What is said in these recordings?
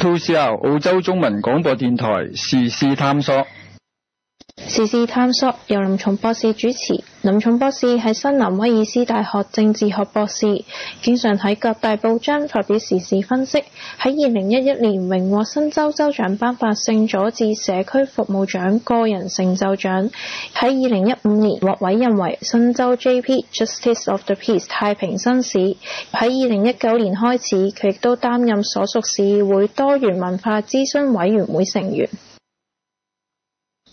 To s 澳洲中文廣播電台，時事探索，時事探索，由林松博士主持。林重博士係新南威爾斯大學政治學博士，經常喺各大報章發表時事分析。喺二零一一年榮獲新州州長頒發聖佐治社區服務獎、個人成就獎。喺二零一五年獲委任為新州 JP Justice of the Peace 太平紳士。喺二零一九年開始，佢亦都擔任所屬市議會多元文化諮詢委員會成員。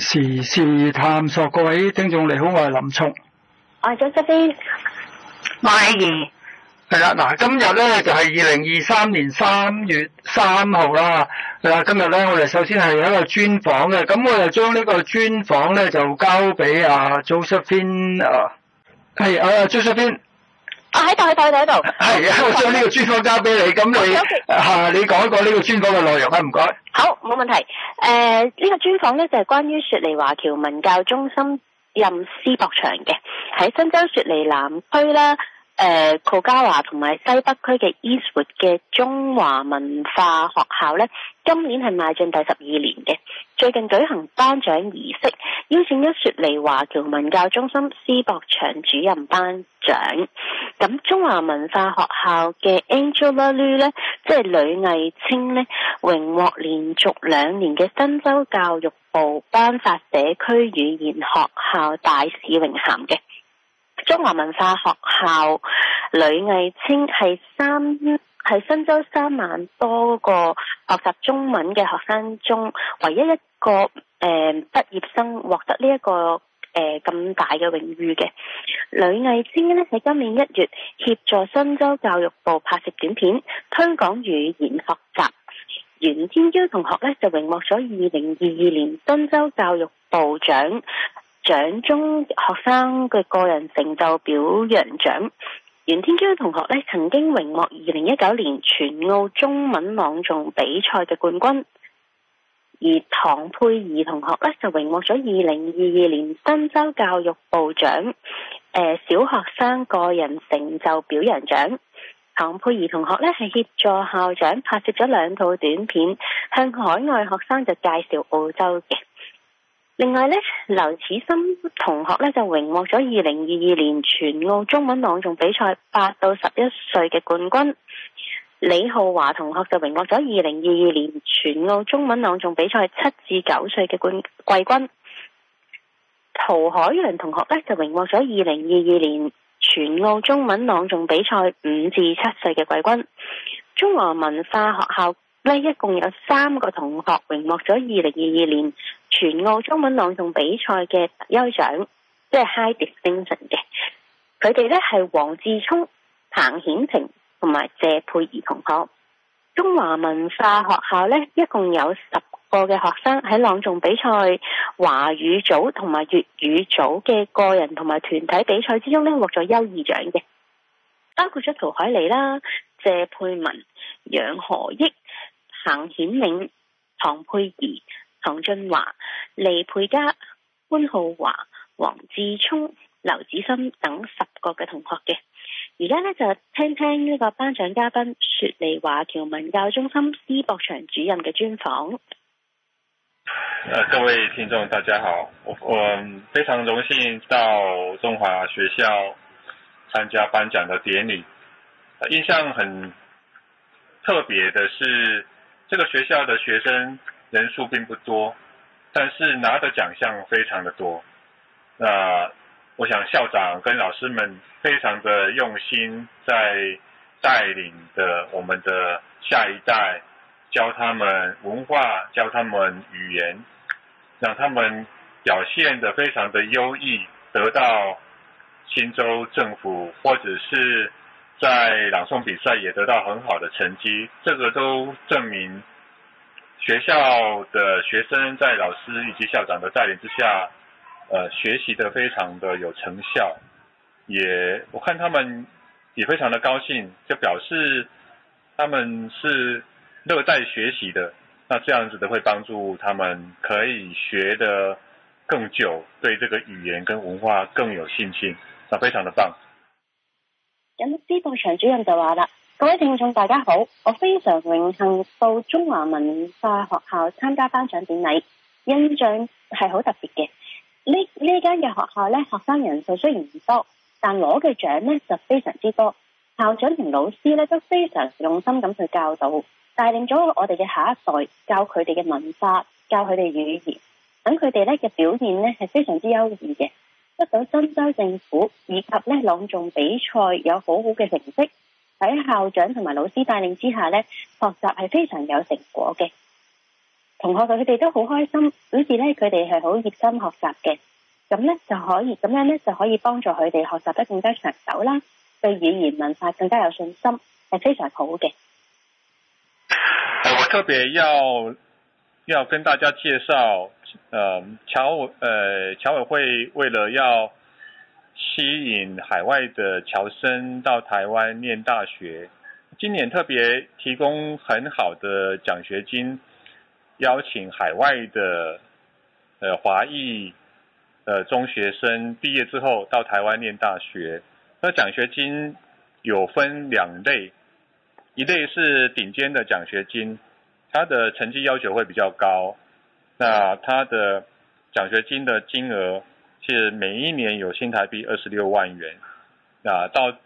時事探索，各位聽眾，你好，我係林聰，我係 Josephine 係啦，嗱，今日咧就係二零二三年三月三號啦。嗱，今日咧我哋首先係一個專訪嘅，咁我就將呢個專訪咧就交俾阿 Josephine 啊，係阿 Josephine 我喺度，喺度，喺度。係啊，的好我將呢個專訪交俾你。咁好你 okay, okay 啊，你講一個呢個專訪嘅內容啊，唔該。好，冇問題。誒、呃，這個、專呢個專訪咧就係、是、關於雪梨華僑文教中心任思博祥嘅，喺新州雪梨南區啦，誒、呃，庫加華同埋西北區嘅 Eastwood 嘅中華文化學校咧，今年係邁進第十二年嘅。最近舉行頒獎儀式，邀請咗雪梨華僑文教中心施博祥主任頒獎。咁中華文化學校嘅 Angela Lu 咧，即係呂藝清咧，榮獲連續兩年嘅新州教育部頒發社區語言學校大使榮銜嘅。中華文化學校呂藝清係三係新州三萬多個學習中文嘅學生中唯一一個誒畢、呃、業生獲得、這個呃、呢一個誒咁大嘅榮譽嘅呂藝貞呢喺今年一月協助新州教育部拍攝短片推廣語言學習。袁天嬌同學呢就榮獲咗二零二二年新州教育部長獎中學生嘅個人成就表揚獎。袁天嬌同學呢曾經榮獲二零一九年全澳中文朗誦比賽嘅冠軍。而唐佩儀同學咧，就榮獲咗二零二二年新州教育部長誒、呃、小學生個人成就表揚獎。唐佩儀同學咧，係協助校長拍攝咗兩套短片，向海外學生就介紹澳洲嘅。另外咧，劉始森同學咧，就榮獲咗二零二二年全澳中文朗誦比賽八到十一歲嘅冠軍。李浩華同學就榮獲咗二零二二年全澳中文朗誦比賽七至九歲嘅冠桂冠。陶海倫同學咧就榮獲咗二零二二年全澳中文朗誦比賽五至七歲嘅桂冠。中華文化學校咧一共有三個同學榮獲咗二零二二年全澳中文朗誦比賽嘅特優獎，即係 high d 碟精神嘅。佢哋咧係黃志聰、彭顯平。同埋謝佩儀同學，中華文化學校咧一共有十個嘅學生喺朗誦比賽華語組同埋粵語組嘅個人同埋團體比賽之中咧獲咗優異獎嘅，包括咗陶海妮啦、謝佩文、楊何益、彭顯明、唐佩儀、唐俊華、李佩嘉、溫浩華、黃志聰、劉子森等十個嘅同學嘅。而家呢就聽聽呢個頒獎嘉賓雪梨華僑文教中心施博翔主任嘅專訪。各位聽眾大家好，我、呃、我非常榮幸到中華學校參加頒獎的典禮、呃。印象很特別的是，這個學校的學生人數並不多，但是拿的獎項非常的多。那、呃我想校長跟老師們非常的用心，在帶領的我們的下一代，教他們文化，教他們語言，讓他們表現得非常的優異，得到新州政府或者是在朗誦比賽也得到很好的成績。這個都證明學校的學生在老師以及校長的帶領之下。誒，學習得非常的有成效，也我看他們也非常的高興，就表示他們是樂在學習的。那這樣子的會幫助他們可以學得更久，對這個語言跟文化更有信心，那非常的棒。咁呢邊部長主任就話啦：各位聽眾大家好，我非常榮幸到中華文化學校參加頒獎典禮，印象係好特別嘅。呢呢間嘅學校咧，學生人數雖然唔多，但攞嘅獎咧就非常之多。校長同老師咧都非常用心咁去教導，帶領咗我哋嘅下一代，教佢哋嘅文化、教佢哋語言，等佢哋咧嘅表現咧係非常之優異嘅，得到新州政府以及咧朗誦比賽有好好嘅成績。喺校長同埋老師帶領之下咧，學習係非常有成果嘅。同學佢哋都好開心，於是咧佢哋係好熱心學習嘅，咁咧就可以咁樣咧就可以幫助佢哋學習得更加上手啦，對語言文化更加有信心，係非常好嘅。我特別要要跟大家介紹，嗯，呃，僑委，呃，僑委會為了要吸引海外嘅僑生到台灣念大學，今年特別提供很好的獎學金。邀請海外的呃華裔呃中學生畢業之後到台灣念大學，那獎學金有分兩類，一類是頂尖的獎學金，它的成績要求會比較高，那它的獎學金的金額是每一年有新台幣二十六萬元，那到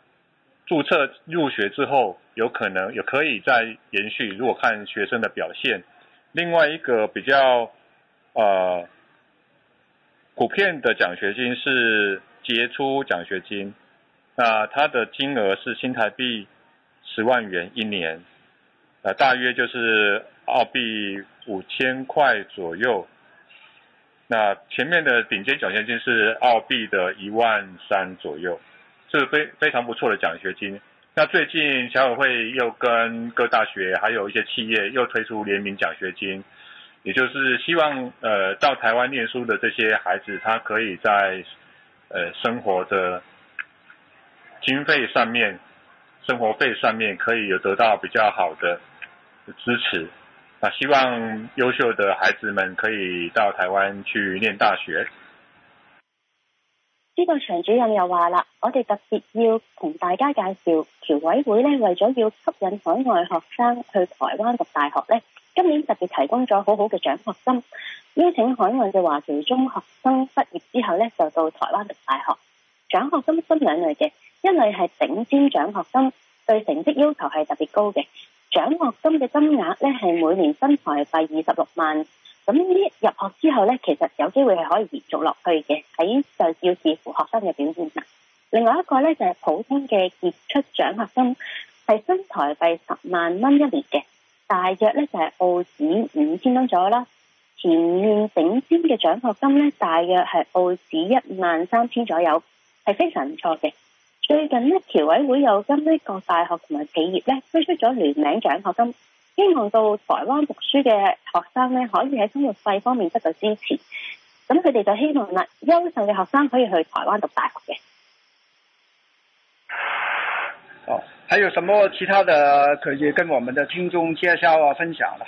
注冊入學之後有可能也可以再延續，如果看學生的表現。另外一個比較，呃，普遍的獎學金是傑出獎學金，那它的金額是新台幣十萬元一年，呃，大約就是澳幣五千塊左右。那前面的頂尖獎學金是澳幣的一萬三左右，是非非常不錯的獎學金。那最近，小委會又跟各大學，還有一些企業，又推出聯名獎學金，也就是希望，呃，到台灣念書的這些孩子，他可以在，呃，生活的經費上面，生活費上面，可以有得到比較好的支持。那希望優秀的孩子們可以到台灣去念大學。呢個常主任又話啦，我哋特別要同大家介紹，僑、這個、委會咧為咗要吸引海外學生去台灣讀大學咧，今年特別提供咗好好嘅獎學金，邀請海外嘅華僑中學生畢業之後咧就到台灣讀大學。獎學金分兩類嘅，一類係頂尖獎學金，對成績要求係特別高嘅，獎學金嘅金額咧係每年新台幣二十六萬。咁呢啲入學之後咧，其實有機會係可以延續落去嘅，喺就要視乎學生嘅表現啦。另外一個咧就係普通嘅傑出獎學金，係新台幣十萬蚊一年嘅，大約咧就係澳紙五千蚊左右啦。前面頂尖嘅獎學金咧，大約係澳紙一萬三千左右，係非常唔錯嘅。最近呢，僑委會又跟呢個大學同埋企業咧推出咗聯名獎學金。希望到台灣讀書嘅學生咧，可以喺生活費方面得到支持。咁佢哋就希望啦，優秀嘅學生可以去台灣讀大學嘅。哦，還有什麼其他的可以跟我們的聽眾介紹啊、分享啦、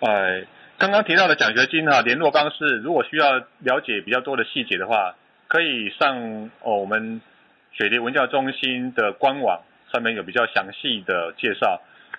啊？誒、哎，剛剛提到嘅獎學金啊，聯絡方式，如果需要了解比較多嘅細節嘅話，可以上、哦、我們雪梨文教中心嘅官網，上面有比較詳細的介紹。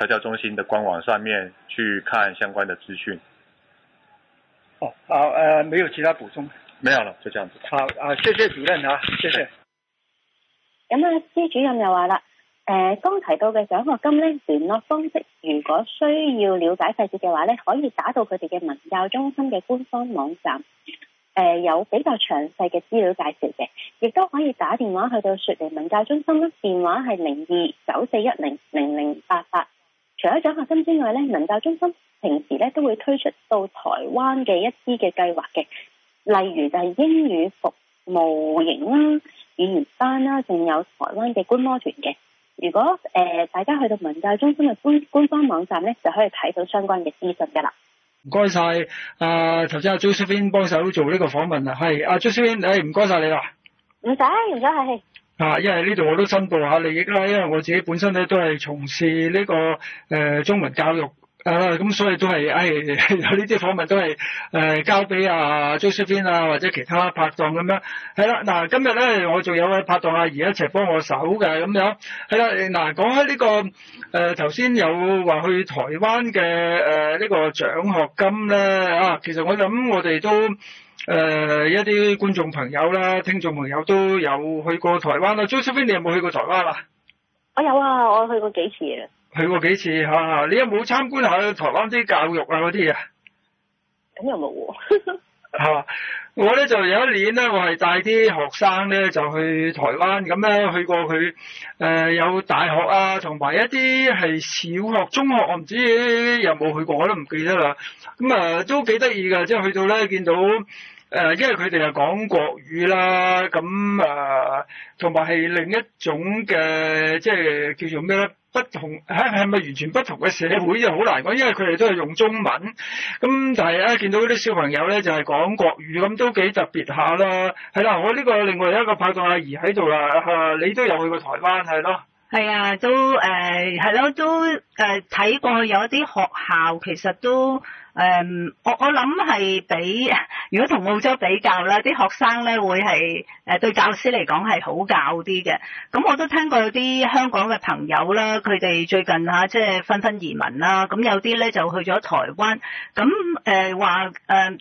文教中心的官網上面去看相關的資訊。哦，好，誒，沒有其他補充，沒有了，就這樣子。好，啊，謝謝主任啊，謝謝。咁啊，施主任又話啦，誒，剛提到嘅獎學金咧，聯絡方式如果需要了解細節嘅話咧，可以打到佢哋嘅文教中心嘅官方網站，誒，有比較詳細嘅資料介紹嘅，亦都可以打電話去到雪梨文教中心，電話係零二九四一零零零八八。除咗獎學金之外咧，文教中心平時咧都會推出到台灣嘅一啲嘅計劃嘅，例如就係英語服務營、啦、語言班啦、啊，仲有台灣嘅觀摩團嘅。如果誒、呃、大家去到文教中心嘅官官方網站咧，就可以睇到相關嘅資訊噶啦。唔該晒，啊頭先阿 Josephine 幫手做呢個訪問啊 ine,、哎，係阿 Josephine 唔該晒你啦。唔使，唔該，係。啊，因為呢度我都申報下利益啦，因為我自己本身咧都係從事呢、呢個誒、呃、中文教育，啊咁所以都係誒有呢啲訪問都係誒、呃、交俾啊 Josephine 啊或者其他拍檔咁樣，係啦，嗱、啊、今日咧我仲有位拍檔阿、啊、姨一齊幫我手嘅咁樣，係、啊、啦，嗱、啊、講開呢、呢個誒頭先有話去台灣嘅誒呢個獎學金咧啊，其實我諗我哋都。誒、呃，一啲觀眾朋友啦、聽眾朋友都有去過台灣啦、啊。張小你有冇去過台灣啦、啊？我有啊，我去過幾次啊。去過幾次吓、啊？你有冇參觀下台灣啲教育啊？嗰啲嘢？咁又冇喎。吓、 啊，我咧就有一年咧，我係帶啲學生咧就去台灣，咁咧去過佢誒、呃，有大學啊，同埋一啲係小學、中學，我唔知有冇去過，我都唔記得啦。咁、嗯、啊，都幾得意噶，即、就、係、是、去到咧見到呢，見到誒，因為佢哋係講國語啦，咁誒，同埋係另一種嘅，即係叫做咩咧？不同係咪完全不同嘅社會又好難講，因為佢哋都係用中文。咁但係咧，見到啲小朋友咧就係講國語，咁都幾特別下咯。係啦，我呢個另外一個拍檔阿姨喺度啦，誒，你都有去過台灣係咯？係啊，都誒係咯，都誒睇、呃、過有一啲學校其實都。Um, 我我諗係比如果同澳洲比較啦，啲學生咧會係誒對教師嚟講係好教啲嘅。咁我都聽過有啲香港嘅朋友啦，佢哋最近吓即係紛紛移民啦。咁有啲咧就去咗台灣。咁話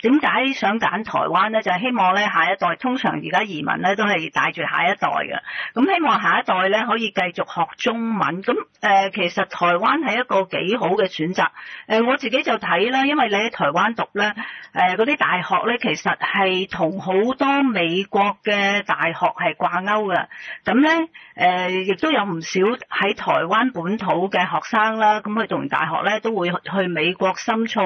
點解想揀台灣咧？就係希望咧下一代通常而家移民咧都係帶住下一代嘅。咁希望下一代咧可以繼續學中文。咁其實台灣係一個幾好嘅選擇。我自己就睇啦，因因為你喺台灣讀咧，誒嗰啲大學咧，其實係同好多美國嘅大學係掛鈎嘅。咁咧，誒亦都有唔少喺台灣本土嘅學生啦。咁佢讀完大學咧，都會去美國深造，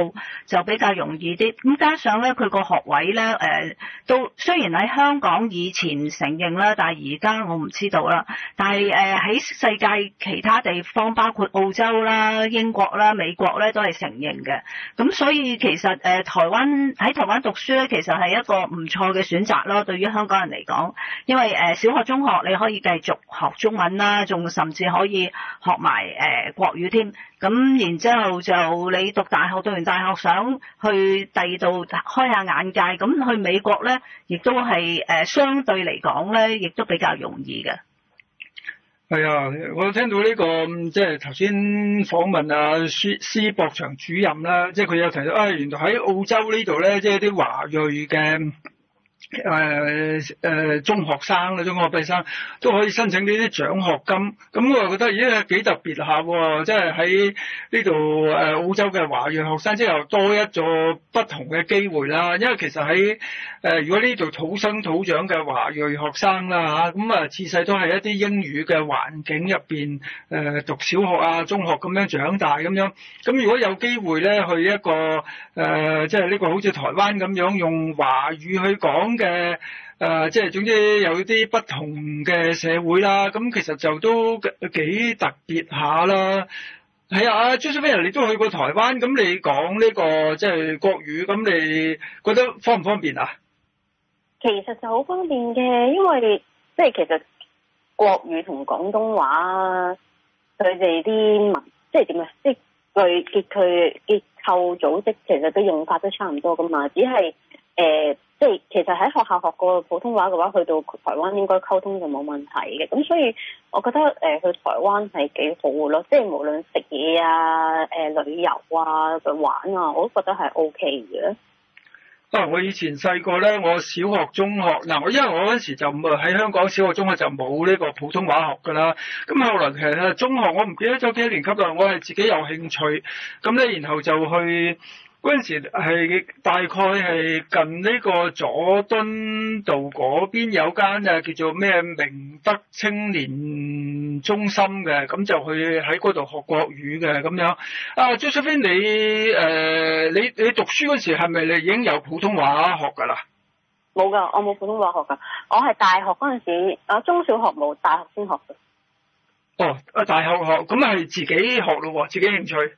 就比較容易啲。咁加上咧，佢個學位咧，都雖然喺香港以前承認啦，但係而家我唔知道啦。但係誒喺世界其他地方，包括澳洲啦、英國啦、美國咧，都係承認嘅。咁所所以其實台灣喺台灣讀書咧，其實係一個唔錯嘅選擇咯，對於香港人嚟講，因為小學、中學你可以繼續學中文啦，仲甚至可以學埋國語添。咁然之後就你讀大學，讀完大學想去第二度開下眼界，咁去美國咧，亦都係相對嚟講咧，亦都比較容易嘅。係啊、哎，我聽到呢、這個，即係頭先訪問啊，施施博祥主任啦，即係佢有提到啊、哎，原來喺澳洲呢度咧，即係啲華裔嘅。誒誒、呃、中學生啦中學畢業生都可以申請呢啲獎學金，咁我又覺得咦幾、欸、特別下即係喺呢度誒澳洲嘅華裔學生即係又多一座不同嘅機會啦。因為其實喺誒、呃、如果呢度土生土長嘅華裔學生啦吓，咁啊自細、嗯、都係一啲英語嘅環境入邊誒讀小學啊、中學咁樣長大咁樣，咁如果有機會咧去一個誒即係呢個好似台灣咁樣用華語去講嘅。嘅誒，即係、呃、總之有啲不同嘅社會啦，咁其實就都幾特別下啦。係啊，Josephine，你都去過台灣，咁你講呢、這個即係、就是、國語，咁你覺得方唔方便啊？其實就好方便嘅，因為即係其實國語同廣東話佢哋啲文，即係點啊？即係佢結佢結構組織，其實都用法都差唔多㗎嘛，只係。誒，即係、呃、其實喺學校學過普通話嘅話，去到台灣應該溝通就冇問題嘅。咁所以我覺得誒、呃，去台灣係幾好咯。即係無論食嘢啊，誒、呃、旅遊啊，去玩啊，我都覺得係 OK 嘅。啊，我以前細個咧，我小學、中學，嗱，因為我嗰時就唔係喺香港小學、中學就冇呢個普通話學噶啦。咁後來其實中學我唔記得咗幾多年級啦，我係自己有興趣，咁咧然後就去。嗰陣時係大概係近呢個佐敦道嗰邊有間啊，叫做咩明德青年中心嘅，咁就去喺嗰度學國語嘅咁樣。啊，即係你誒、呃，你你讀書嗰時係咪你已經有普通話學噶啦？冇噶，我冇普通話學噶，我係大學嗰陣時，啊中小學冇，大學先學嘅。哦，啊，大學學，咁係自己學咯，自己興趣。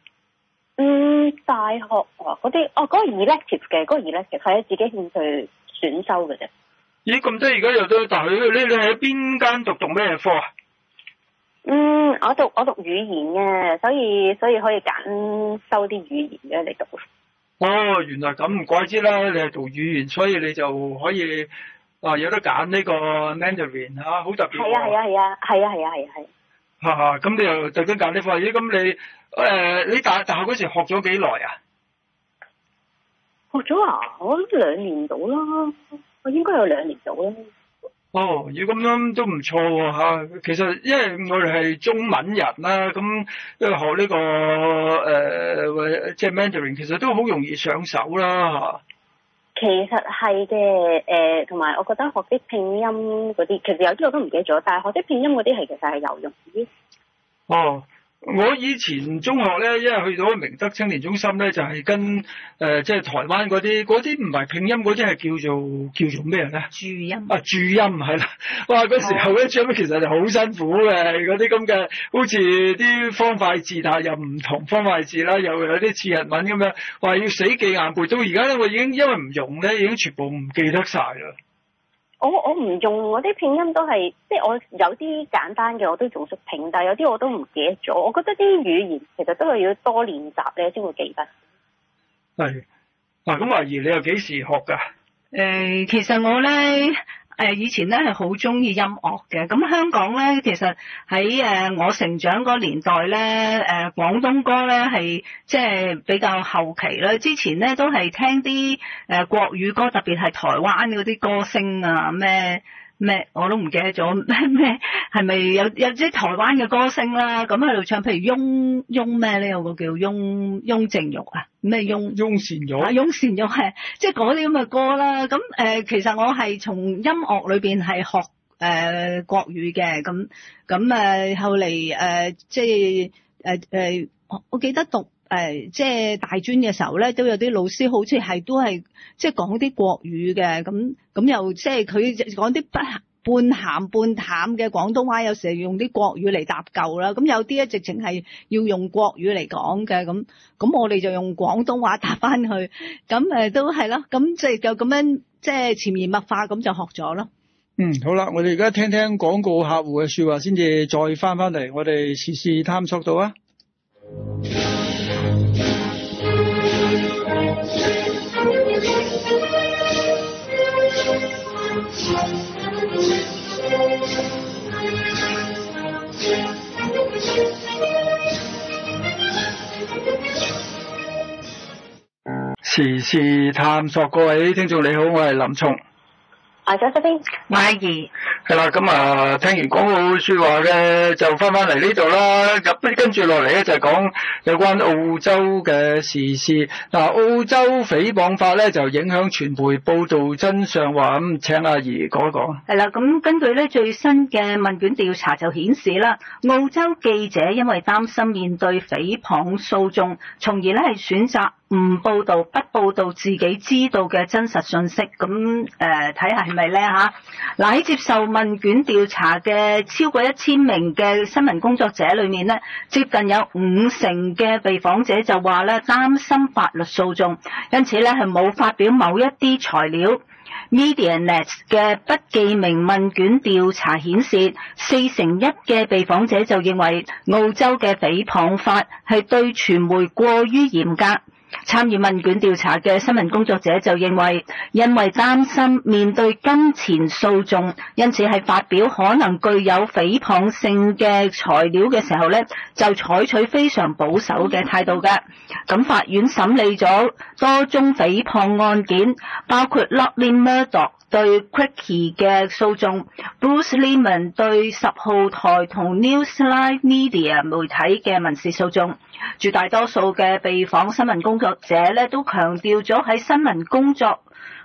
嗯，大學啊，嗰啲哦，嗰個 elective 嘅，嗰、嗰個 elective 係自己興趣選修嘅啫。咦，咁即係而家有得，但係你喺邊間讀讀咩科啊？嗯，我讀我讀語言嘅，所以所以可以揀修啲語言嘅嚟讀。哦，原來咁唔怪之啦！你係讀語言，所以你就可以啊，有得揀呢個 mandarin 吓，好特別。係啊係啊係啊係啊係啊係。咁你又讀咗教你課程？咁你誒你大大學嗰時學咗幾耐啊？啊啊學咗啊學，我兩年到啦，我應該有兩年到啦。哦，咦咁樣都唔錯喎。啊啊、其實因為我哋係中文人啦，啊，咁學呢個誒、啊啊、即係 Mandarin 其實都好容易上手啦。啊啊其實係嘅，誒、呃，同埋我覺得學啲拼音嗰啲，其實有啲我都唔記得咗，但係學啲拼音嗰啲係其實係有用嘅。哦、嗯。我以前中學咧，因為去到明德青年中心咧，就係、是、跟誒即係台灣嗰啲，嗰啲唔係拼音，嗰啲係叫做叫做咩咧？注音啊，注音係啦。哇！嗰時候咧，注音其實就好辛苦嘅，嗰啲咁嘅，好似啲方塊字啊，但又唔同方塊字啦，又有啲似日文咁樣，話要死記硬背。到而家咧，我已經因為唔用咧，已經全部唔記得晒啦。我我唔用我啲拼音都係，即係我有啲簡單嘅我都仲識拼，但係有啲我都唔記得咗。我覺得啲語言其實都係要多練習咧先會記得。係，嗱咁阿姨你又幾時學噶？誒、呃，其實我咧。誒以前咧係好中意音樂嘅，咁香港咧其實喺誒我成長嗰年代咧，誒廣東歌咧係即係比較後期啦，之前咧都係聽啲誒國語歌，特別係台灣嗰啲歌星啊咩。什麼咩我都唔記得咗，咩咩係咪有有啲台灣嘅歌星啦？咁喺度唱，譬如翁翁咩咧？有個叫翁翁靜玉啊，咩翁翁善玉啊，翁善玉係即係嗰啲咁嘅歌啦。咁誒、呃，其實我係從音樂裏邊係學誒、呃、國語嘅，咁咁誒後嚟誒、呃、即係誒誒我記得讀。誒、呃，即係大專嘅時候咧,都有啲老師好似係都係即係講啲國語嘅，咁咁又即係佢講啲不半咸半淡嘅廣東話，有時用啲國語嚟搭救啦。咁有啲咧，直情係要用國語嚟講嘅，咁咁我哋就用廣東話搭翻去，咁誒都係咯，咁即係就咁樣即係潛移默化咁就學咗咯。嗯，好啦，我哋而家聽聽廣告客戶嘅說話先至再翻翻嚟，我哋時事探索到啊。時事探索，各位聽眾你好，我係林松。阿姐先，阿怡兒，係啦、嗯，咁啊，聽完講好的話說話嘅就翻翻嚟呢度啦。咁跟住落嚟咧就係講有關澳洲嘅時事。嗱、嗯，澳洲誹謗法咧就影響傳媒報道真相話咁、嗯，請阿姨講一講。係啦，咁根據咧最新嘅問卷調查就顯示啦，澳洲記者因為擔心面對誹謗訴訟，從而咧係選擇。唔報導、不報導自己知道嘅真實信息，咁誒睇下係咪呢？嚇、啊？嗱，喺接受問卷調查嘅超過一千名嘅新聞工作者裏面呢，接近有五成嘅被訪者就話呢，擔心法律訴訟，因此呢，係冇發表某一啲材料。MediaNet 嘅不記名問卷調查顯示，四成一嘅被訪者就認為澳洲嘅誹謗法係對傳媒過於嚴格。參與問卷調查嘅新聞工作者就認為，因為擔心面對金錢訴訟，因此喺發表可能具有誹謗性嘅材料嘅時候呢就採取非常保守嘅態度嘅。咁法院審理咗多宗誹謗案件，包括《Lachlan Murdoch 對 Crikey 嘅訴訟，Bruce Lehman 對十號台同 Newsline Media 媒體嘅民事訴訟，絕大多數嘅被訪新聞工作者咧都強調咗喺新聞工作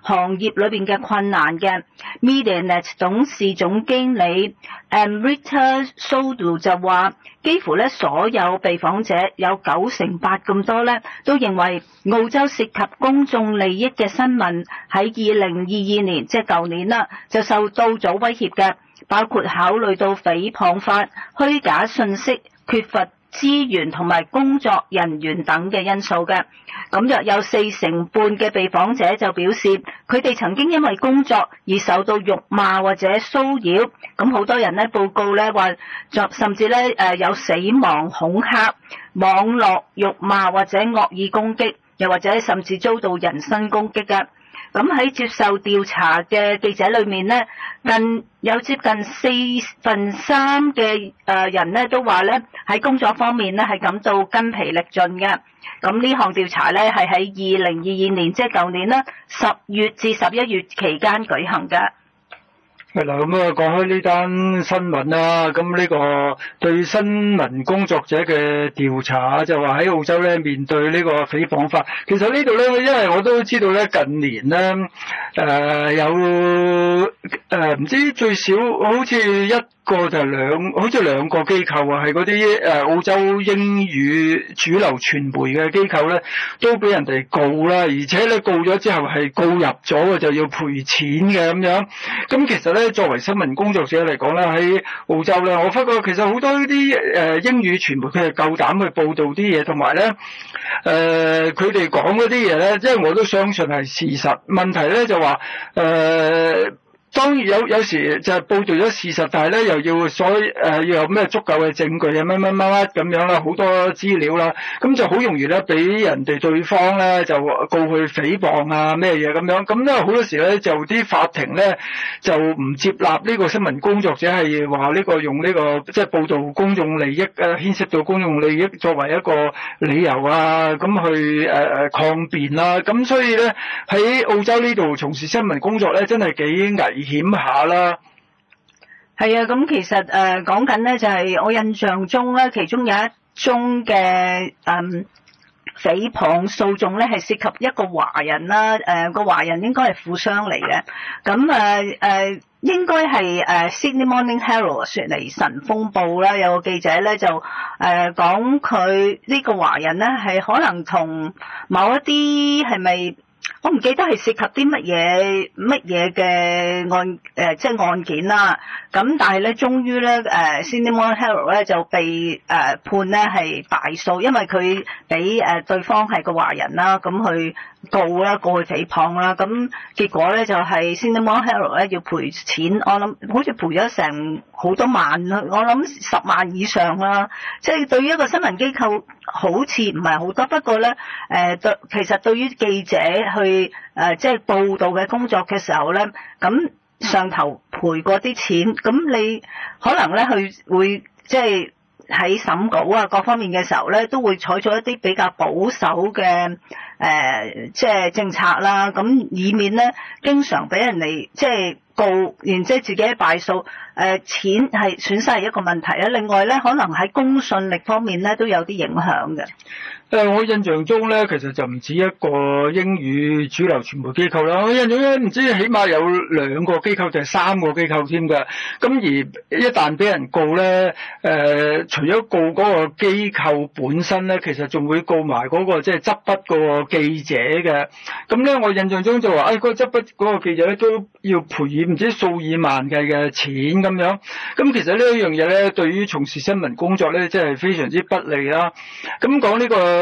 行業裏面嘅困難嘅 MediaNet 董事總經理 Andrita Sudo 就話：幾乎咧所有被訪者有九成八咁多咧，都認為澳洲涉及公眾利益嘅新聞喺二零二二年即係舊年啦，就受到咗威脅嘅，包括考慮到誹謗法、虛假信息、缺乏資源同埋工作人員等嘅因素嘅，咁約有四成半嘅被訪者就表示，佢哋曾經因為工作而受到辱罵或者騷擾，咁好多人呢報告呢話，作甚至呢誒有死亡恐嚇、網絡辱罵或者惡意攻擊，又或者甚至遭到人身攻擊嘅。咁喺接受調查嘅記者裏面呢，近有接近四分三嘅誒人呢都話呢，喺工作方面呢係感到筋疲力盡嘅。咁呢項調查呢係喺二零二二年，即係舊年啦，十月至十一月期間舉行嘅。係啦，咁啊講開呢單新聞啦，咁呢個對新聞工作者嘅調查就話、是、喺澳洲咧面對呢個誹謗法，其實這裏呢度咧，因為我都知道咧近年咧，誒、呃、有誒唔、呃、知最少好似一個就係兩好似兩個機構啊，係啲誒澳洲英語主流傳媒嘅機構咧，都俾人哋告啦，而且咧告咗之後係告入咗嘅就要賠錢嘅咁樣，咁其實咧。作為新聞工作者嚟講咧，喺澳洲咧，我發覺其實好多呢啲誒英語傳媒，佢係夠膽去報道啲嘢，同埋咧誒佢哋講嗰啲嘢咧，即、呃、係我都相信係事實，問題咧就話誒。呃當然有有時就係報道咗事實，但係咧又要所誒、呃、要有咩足夠嘅證據啊、乜乜乜乜咁樣啦，好多資料啦，咁就好容易咧俾人哋對方咧就告佢誹謗啊咩嘢咁樣，咁咧好多時咧就啲法庭咧就唔接納呢個新聞工作者係話呢個用呢、呢個即係、即係、報道公眾利益牽涉到公眾利益作為一個理由啊，咁去、呃、抗辯啦、啊，咁所以咧喺澳洲呢度從事新聞工作咧真係幾危險。危險下啦，係啊，咁其實誒講緊咧就係我印象中咧，其中有一宗嘅嗯誹謗訴訟咧，係涉及一個華人啦，誒個華人應該係富商嚟嘅，咁誒誒應該係誒 Sydney Morning Herald 嚟《雪梨晨鋒報》啦，有個記者咧就誒講佢呢個華人咧係可能同某一啲係咪？是我唔記得係涉及啲乜嘢乜嘢嘅案，呃、即係案件啦、啊。咁但係咧，終於咧，誒 Sydney Morning Herald 咧就被、呃、判咧係敗訴，因為佢俾、呃、對方係個華人啦，咁、嗯、佢。告啦，過去誹謗啦，咁結果呢，就係《Sydney Morning Herald》咧要賠錢，我諗好似賠咗成好多萬，我諗十萬以上啦。即係對於一個新聞機構，好似唔係好多，不過呢，其實對於記者去即係報導嘅工作嘅時候呢，咁上頭賠過啲錢，咁你可能呢，佢會即係。就是喺審稿啊各方面嘅時候咧，都會採取一啲比較保守嘅即、呃即係、政策啦，咁以免咧經常俾人哋即、即係、告，然後自己敗訴、呃，錢係損失係一個問題啦、啊。另外咧，可能喺公信力方面咧都有啲影響嘅。誒，我印象中咧，其實就唔止一個英語主流傳媒機構啦。我印象咧，唔知起碼有兩個機構定係三個機構添嘅。咁而一旦俾人告咧、呃，除咗告嗰個機構本身咧，其實仲會告埋、嗰、嗰個即係執筆嗰個記者嘅。咁咧，我印象中就話，誒、哎，嗰個執筆嗰個記者咧都要賠唔知數以萬計嘅錢咁樣。咁其實一呢一樣嘢咧，對於從事新聞工作咧，即係非常之不利啦、啊。咁講呢個。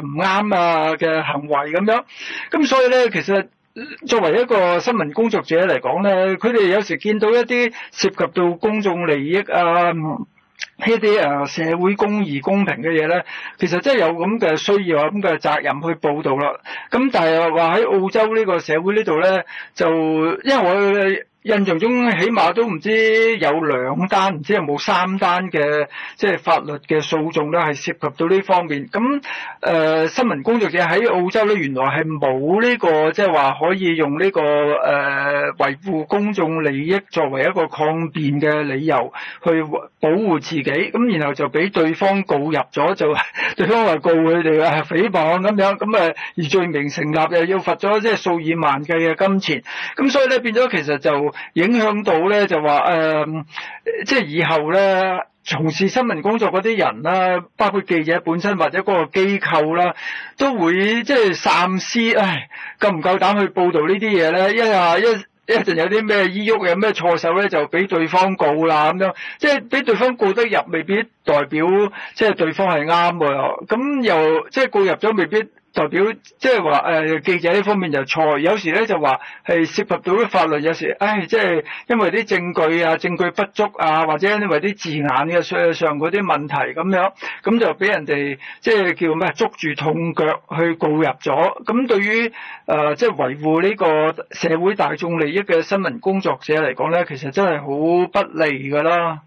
唔啱啊嘅行為咁樣，咁所以咧，其實作為一個新聞工作者嚟講咧，佢哋有時見到一啲涉及到公眾利益啊，呢啲啊社會公義、公平嘅嘢咧，其實真係有咁嘅需要啊，咁嘅責任去報導啦。咁但係話喺澳洲呢個社會呢度咧，就因為我，印象中起碼都唔知有兩單，唔知有冇三單嘅即係法律嘅訴訟咧，係涉及到呢方面。咁誒、呃、新聞工作者喺澳洲咧，原來係冇呢個即係話可以用呢、呢個誒、呃、維護公眾利益作為一個抗辯嘅理由去保護自己。咁然後就俾對方告入咗，就 對方話告佢哋係誹謗咁樣，咁啊而罪名成立，又要罰咗即係數以萬計嘅金錢。咁所以咧變咗其實就～影響到咧就話誒，即係以後咧，從事新聞工作嗰啲人啦，包括記者本身或者嗰個機構啦，都會即係三思，唉，夠唔夠膽去報導呢啲嘢咧？一一陣有啲咩醫郁，有咩錯手咧，就俾對方告啦咁樣，即係俾對方告得入，未必代表即係對方係啱喎。咁又即係告入咗，未必。代表即係話記者呢方面就錯，有時咧就話係涉及到啲法律，有時唉即係因為啲證據啊，證據不足啊，或者因為啲字眼嘅事實上嗰啲問題咁樣，咁就俾人哋即係叫咩捉住痛腳去告入咗。咁對於誒即係維護呢個社會大眾利益嘅新聞工作者嚟講咧，其實真係好不利㗎啦。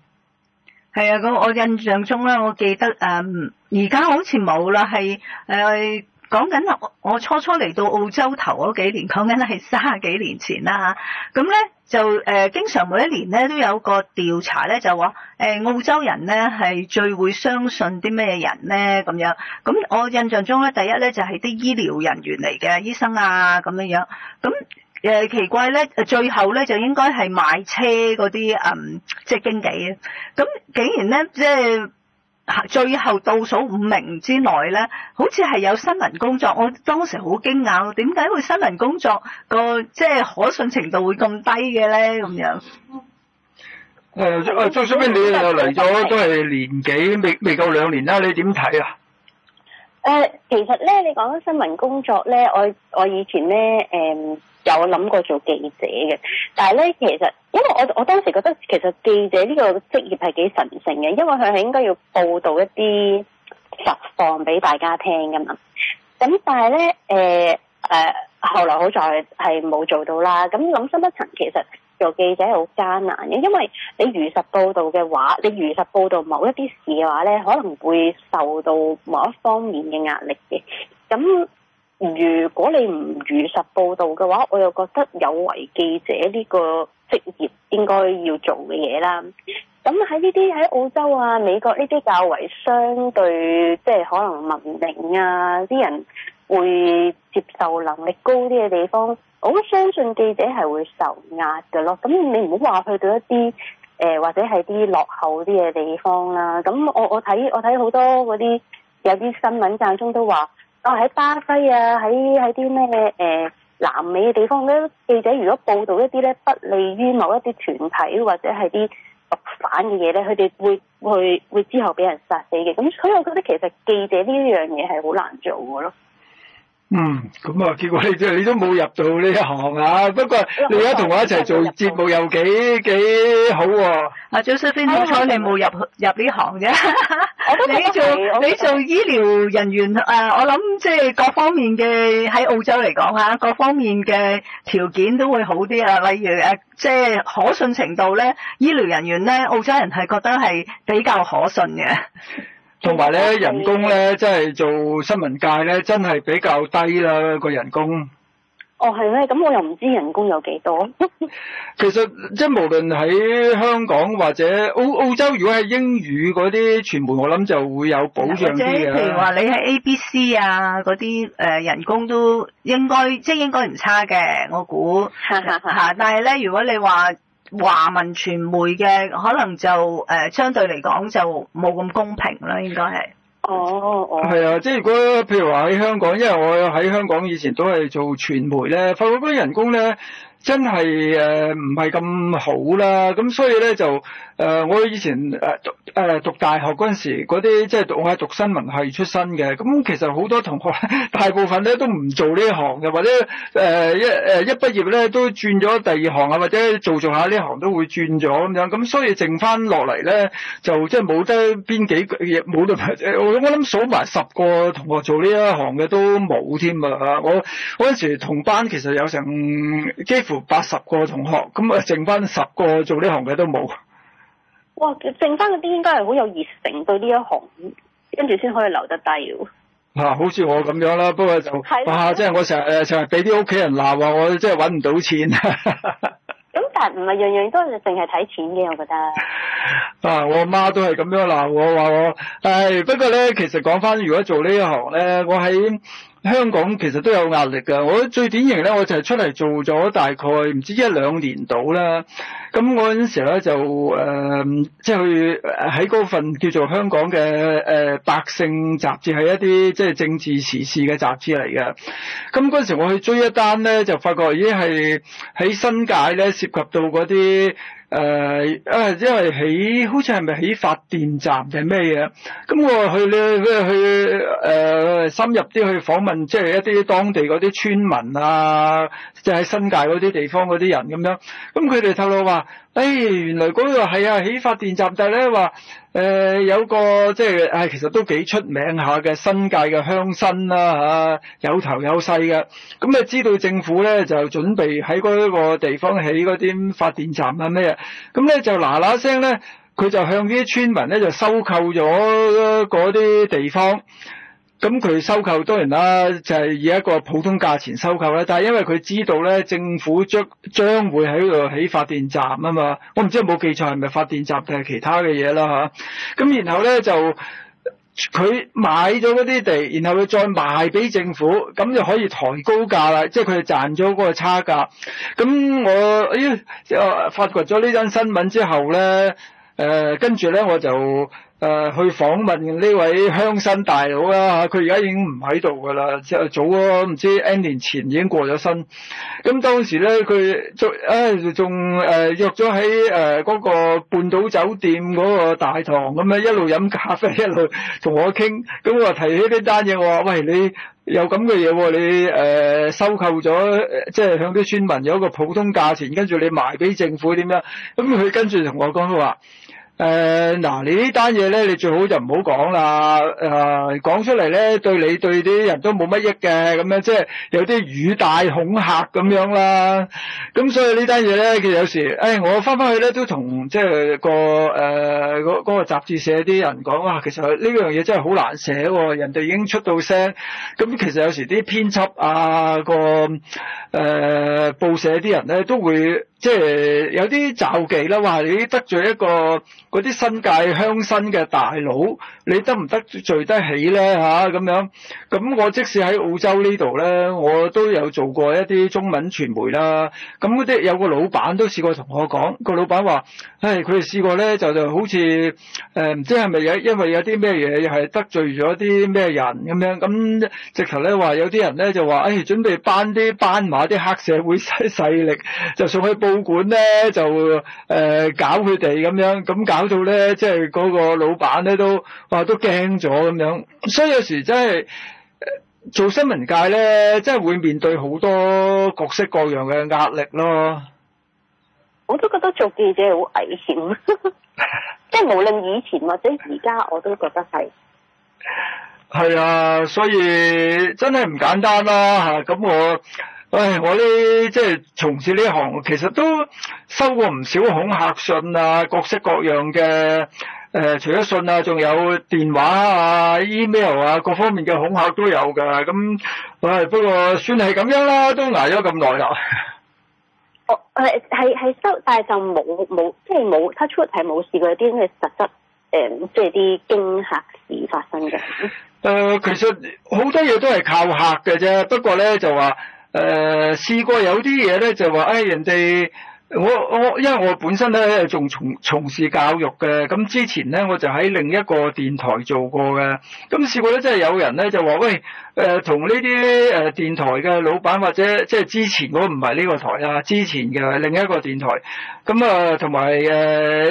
係啊，咁我印象中咧，我記得誒而家好似冇啦，係誒講緊我我初初嚟到澳洲頭嗰幾年，講緊咧係卅幾年前啦吓，咁咧就誒經常每一年咧都有個調查咧，就話誒澳洲人咧係最會相信啲咩人咧咁樣，咁我印象中咧第一咧就係啲醫療人員嚟嘅醫生啊咁樣樣，咁誒奇怪咧最後咧就應該係買車嗰啲誒即係經紀，咁竟然咧即係。最後倒數五名之內咧，好似係有新聞工作。我當時好驚訝，點解會新聞工作個即係可信程度會咁低嘅咧？咁樣誒，最誒最尾你又嚟咗，嗯、都係年幾、嗯、未未夠兩年啦？你點睇啊？誒、呃，其實咧，你講緊新聞工作咧，我我以前咧，誒、嗯。有諗過做記者嘅，但係咧，其實因為我我當時覺得，其實記者呢個職業係幾神聖嘅，因為佢係應該要報道一啲實況俾大家聽噶嘛。咁但係咧，誒、呃、誒、呃，後來好在係冇做到啦。咁諗深一層，其實做記者好艱難嘅，因為你如實報道嘅話，你如實報道某一啲事嘅話咧，可能會受到某一方面嘅壓力嘅。咁如果你唔如實報道嘅話，我又覺得有違記者呢個職業應該要做嘅嘢啦。咁喺呢啲喺澳洲啊、美國呢啲較為相對即係可能文明啊，啲人會接受能力高啲嘅地方，我都相信記者係會受壓嘅咯。咁你唔好話去到一啲誒、呃、或者係啲落後啲嘅地方啦。咁我我睇我睇好多嗰啲有啲新聞間中都話。我喺、哦、巴西啊，喺喺啲咩誒，南美嘅地方咧，記者如果報道一啲咧，不利於某一啲團體或者係啲毒販嘅嘢咧，佢哋會會會之後俾人殺死嘅。咁所以我覺得其實記者呢一樣嘢係好難做嘅咯。嗯，咁啊，結果你即係你都冇入到呢一行啊。不過你而家同我一齊做節目又幾幾好喎。啊，張生、啊，冇錯、啊， 你冇入入呢行啫。我都覺得你，你做醫療人員誒、啊，我諗即係各方面嘅喺澳洲嚟講嚇、啊，各方面嘅條件都會好啲啊。例如誒、啊，即係可信程度咧，醫療人員咧，澳洲人係覺得係比較可信嘅。同埋咧，人工咧，即係做新聞界咧，真係比較低啦個人工。哦，係咧，咁我又唔知人工有幾多。 其實即係無論喺香港或者澳澳洲，如果係英語嗰啲傳媒，我諗就會有保障啲，即係譬如話、啊，你喺 A B C 啊嗰啲誒人工都應該即係應該唔差嘅，我估 但係咧，如果你話，華文傳媒嘅可能就誒、呃，相對嚟講就冇咁公平啦，應該係。哦哦。係啊，即係如果譬如話喺香港，因為我喺香港以前都係做傳媒咧，發覺嗰啲人工咧真係誒唔係咁好啦，咁所以咧就。誒、呃，我以前誒誒、呃、讀大學嗰陣時，嗰啲即係讀我係讀新聞系出身嘅。咁其實好多同學，大部分咧都唔做呢行嘅，或者誒、呃、一誒一畢業咧都轉咗第二行啊，或者做做下呢行都會轉咗咁樣。咁所以剩翻落嚟咧，就即係冇得邊幾個冇？冇得。我諗數埋十個同學做呢一行嘅都冇添啊！我嗰陣時同班其實有成幾乎八十個同學，咁啊剩翻十個做呢行嘅都冇。哇！剩翻嗰啲應該係好有熱誠對呢一行，跟住先可以留得低、啊。嗱、啊，好似我咁樣啦，不過就的哇！即係我成日成日俾啲屋企人鬧啊，我即係揾唔到錢。咁 但係唔係樣樣都係淨係睇錢嘅，我覺得。啊！我阿媽都係咁樣鬧我，話我唉、哎。不過咧，其實講翻，如果做呢一行咧，我喺香港其實都有壓力㗎。我最典型咧，我就係出嚟做咗大概唔知一兩年度啦。咁我嗰陣時咧就誒即係去喺份叫做香港嘅誒百姓雜誌，係一啲即係政治時事嘅雜誌嚟嘅。咁嗰陣時我去追一單咧，就發覺已經係喺新界咧涉及到嗰啲誒誒因為起好似係咪起發電站定咩嘢？咁我去咧去誒、呃、深入啲去訪問，即係一啲當地嗰啲村民啊，即係喺新界嗰啲地方嗰啲人咁樣。咁佢哋透露話。哎，原來嗰度係啊，起發電站就係咧話，誒有個即係，誒其實都幾出名下嘅新界嘅鄉紳啦嚇，有頭有勢嘅，咁啊知道政府咧就準備喺嗰個地方起嗰啲發電站啊咩嘢，咁咧就嗱嗱聲咧，佢就向啲村民咧就收購咗嗰啲地方。咁佢收購當然啦，就係以一個普通價錢收購啦。但係因為佢知道咧，政府將將會喺度起發電站啊嘛。我唔知有冇記錯，係咪發電站定係其他嘅嘢啦咁、啊、然後咧就佢買咗嗰啲地，然後佢再賣俾政府，咁就可以抬高價啦。即係佢賺咗嗰個差價。咁我咦，哎、我發掘咗呢單新聞之後咧，跟住咧我就。誒、呃、去訪問呢位鄉紳大佬啦，佢而家已經唔喺度噶啦，即係早咗唔知 N 年前已經過咗身。咁當時咧，佢仲誒仲誒約咗喺誒嗰個半島酒店嗰個大堂咁樣，一路飲咖啡，一路同我傾。咁我話提起呢單嘢，我話喂，你有咁嘅嘢喎，你誒、呃、收購咗即係向啲村民有一個普通價錢，跟住你賣俾政府點樣？咁佢跟住同我講，佢話。誒嗱，你、呃、呢單嘢咧，你最好就唔好講啦。誒、呃、講出嚟咧，對你對啲人都冇乜益嘅，咁樣即係有啲語帶恐嚇咁樣啦。咁所以呢單嘢咧，其實有時誒、哎，我返返去咧都同即係個誒嗰、呃那個雜誌社啲人講啊，其實呢樣嘢真係好難寫喎、哦，人哋已經出到聲。咁、嗯、其實有時啲編輯啊，那個誒、呃、報社啲人咧，都會即係有啲詐忌啦。哇！你得罪一個。嗰啲新界鄉紳嘅大佬，你得唔得罪得起咧吓？咁樣，咁我即使喺澳洲呢度咧，我都有做過一啲中文傳媒啦。咁啲有個老闆都試過同我講，個老闆話，唉、哎，佢哋試過咧，就就好似誒，唔知係咪有因為有啲咩嘢係得罪咗啲咩人咁樣，咁直頭咧話有啲人咧就話，唉、哎，準備班啲班馬啲黑社會勢力，就送去報館咧，就誒搞佢哋咁樣，咁搞。嗰度咧，即係嗰個老闆咧都，哇，都驚咗咁樣。所以有時真係做新聞界咧，真係會面對好多各式各樣嘅壓力咯。我都覺得做記者好危險，呵呵 即係無論以前或者而家，我都覺得係。係啊，所以真係唔簡單啦、啊。吓、啊，咁我。唉，我呢，即係從事呢行，其實都收過唔少恐嚇信啊，各式各樣嘅、呃、除咗信啊，仲有電話啊、email 啊，各方面嘅恐嚇都有㗎。咁唉，不過算係咁樣啦，都挨咗咁耐啦。我係係收，但係就冇冇即係冇，Touchwood 係冇試過啲咩實質即係啲驚嚇事發生嘅、呃。其實好多嘢都係靠嚇嘅啫，不過咧就話。誒試、呃、過有啲嘢咧，就話誒、哎、人哋我我，因為我本身咧仲從從事教育嘅。咁之前咧我就喺另一個電台做過嘅，咁試過咧真係有人咧就話喂，誒，同呢啲誒電台嘅老闆或者即係之前我唔係呢個台啊，之前嘅另一個電台，咁啊同埋誒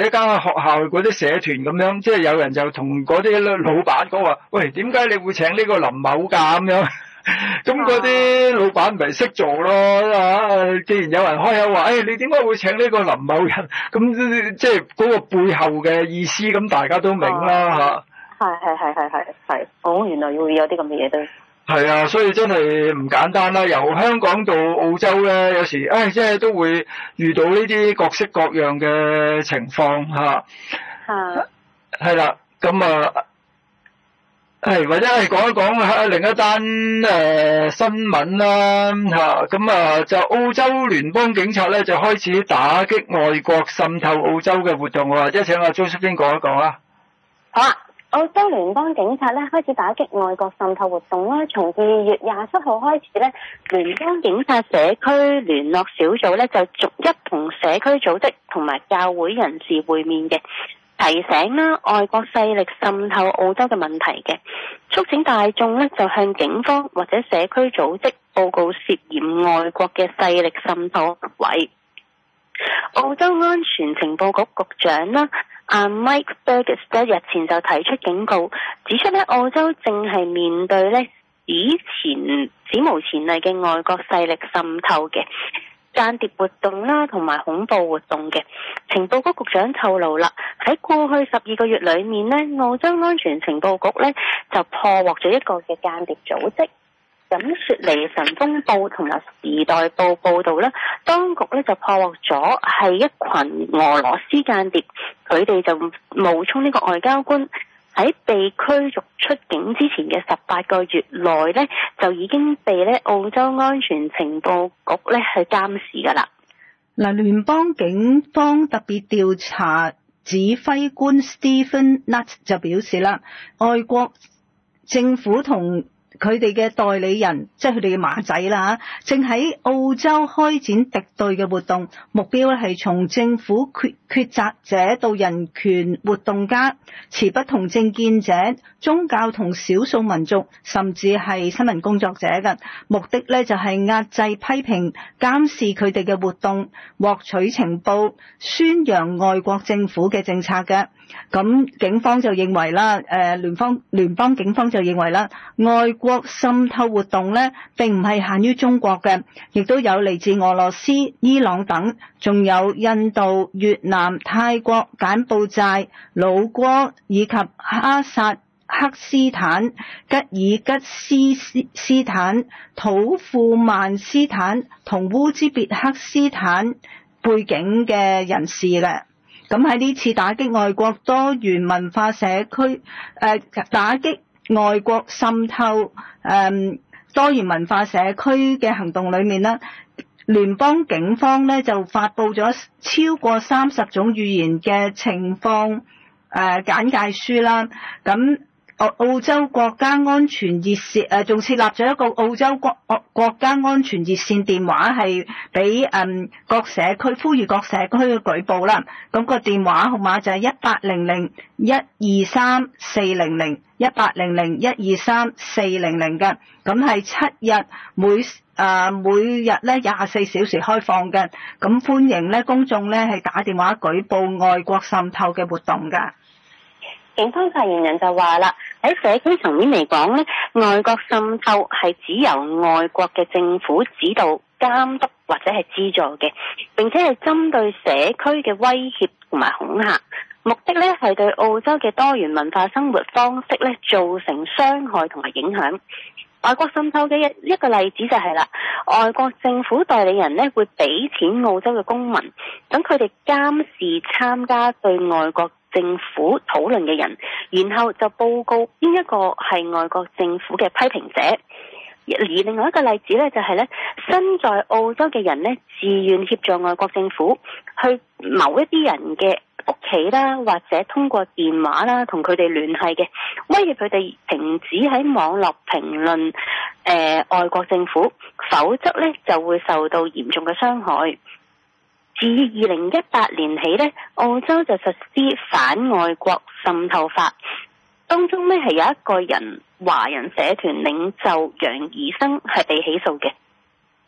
一間學校嗰啲社團咁樣，即係有人就同嗰啲老老闆講話，喂，點解你會請呢個林某㗎咁樣？咁嗰啲老闆咪識做咯，啊！既然有人開口話，誒，你點解會請呢個林某人？咁即係嗰個背後嘅意思，咁大家都明啦，嚇。係係係係係係，哦，原來會有啲咁嘅嘢都。係啊，所以真係唔簡單啦。由香港到澳洲咧，有時誒、哎，即係都會遇到呢啲各式各樣嘅情況嚇。係。係啦，咁啊。啊係或者係講一講另一單誒、呃、新聞啦吓，咁啊，、嗯、啊就澳洲聯邦警察咧就開始打擊外國滲透澳洲嘅活動啊，即係請阿、啊、周叔先講一講啦。好啊，澳洲聯邦警察咧開始打擊外國滲透活動、啊、從從二月廿七號開始咧，聯邦警察社區聯絡小組咧就逐一同社區組織同埋教會人士會面嘅。提醒啦，外國勢力滲透澳洲嘅問題嘅，促請大眾呢就向警方或者社區組織報告涉嫌外國嘅勢力滲透位。澳洲安全情報局局長啦，阿、啊、Mike Burgess 日前就提出警告，指出呢澳洲正係面對呢以前史無前例嘅外國勢力滲透嘅。間諜活動啦，同埋恐怖活動嘅。情報局局長透露啦，喺過去十二個月裏面咧，澳洲安全情報局呢就破獲咗一個嘅間諜組織。咁雪梨晨鋒報同埋時代報報道呢，當局呢就破獲咗係一群俄羅斯間諜，佢哋就冒充呢個外交官。喺被驅逐出境之前嘅十八個月內咧，就已經被咧澳洲安全情報局咧去監視噶啦。嗱，聯邦警方特別調查指揮官 Stephen Nutt 就表示啦，外國政府同佢哋嘅代理人，即係佢哋嘅馬仔啦，正喺澳洲開展敵對嘅活動，目標係從政府決決策者到人權活動家、持不同政見者、宗教同少數民族，甚至係新聞工作者嘅。目的咧，就係壓制批評、監視佢哋嘅活動、獲取情報、宣揚外國政府嘅政策嘅。咁警方就認為啦，誒、呃，聯邦聯邦警方就認為啦，外國滲透活動呢，並唔係限於中國嘅，亦都有嚟自俄羅斯、伊朗等，仲有印度、越南、泰國、柬埔寨、老撾以及哈薩克斯坦、吉爾吉斯斯坦、土庫曼斯坦同烏茲別克斯坦背景嘅人士咧。咁喺呢次打擊外國多元文化社區，呃，打擊。外國滲透，誒多元文化社區嘅行動裏面咧，聯邦警方咧就發佈咗超過三十種語言嘅情況誒簡介書啦，咁。澳洲國家安全熱線，誒、呃、仲設立咗一個澳洲國、國家安全熱線電話，係俾誒各社區呼籲各社區嘅舉報啦。咁、那個電話號碼就係一八零零一二三四零零一八零零一二三四零零嘅。咁係七日每、呃、每日咧廿四小時開放嘅。咁歡迎咧公眾咧係打電話舉報外國滲透嘅活動㗎。警方發言人就話啦，喺社區層面嚟講，呢外國滲透係只由外國嘅政府指導、監督或者係資助嘅，並且係針對社區嘅威脅同埋恐嚇，目的呢係對澳洲嘅多元文化生活方式呢造成傷害同埋影響。外國滲透嘅一一個例子就係啦，外國政府代理人呢會俾錢澳洲嘅公民，等佢哋監視參加對外國政府討論嘅人，然後就報告邊一個係外國政府嘅批評者。而另外一個例子咧、就是，就係咧身在澳洲嘅人呢，自願協助外國政府去某一啲人嘅屋企啦，或者通過電話啦，同佢哋聯繫嘅，威脅佢哋停止喺網絡評論、呃、外國政府，否則咧就會受到嚴重嘅傷害。自二零一八年起咧，澳洲就實施反外國滲透法，當中咧係有一個人華人社團領袖楊怡生係被起訴嘅。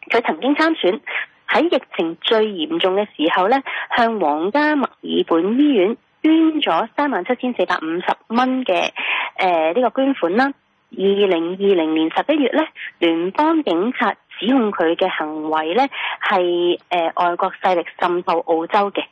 佢曾經參選，喺疫情最嚴重嘅時候咧，向皇家墨爾本醫院捐咗三萬七千四百五十蚊，嘅誒呢個捐款啦。二零二零年十一月咧，聯邦警察指控佢嘅行為咧係誒外國勢力滲透澳洲嘅。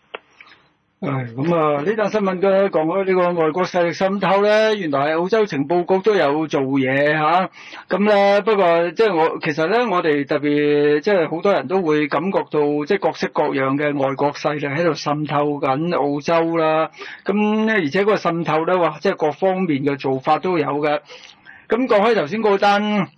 誒咁啊，呢單新聞都講開呢個外國勢力滲透咧，原來係澳洲情報局都有做嘢嚇。咁、啊、咧不過即係我其實咧，我哋特別即係好多人都會感覺到即係各式各樣嘅外國勢力喺度滲透緊澳洲啦。咁、啊、咧而且嗰個滲透咧話，即係各方面嘅做法都有嘅。咁講開頭先嗰單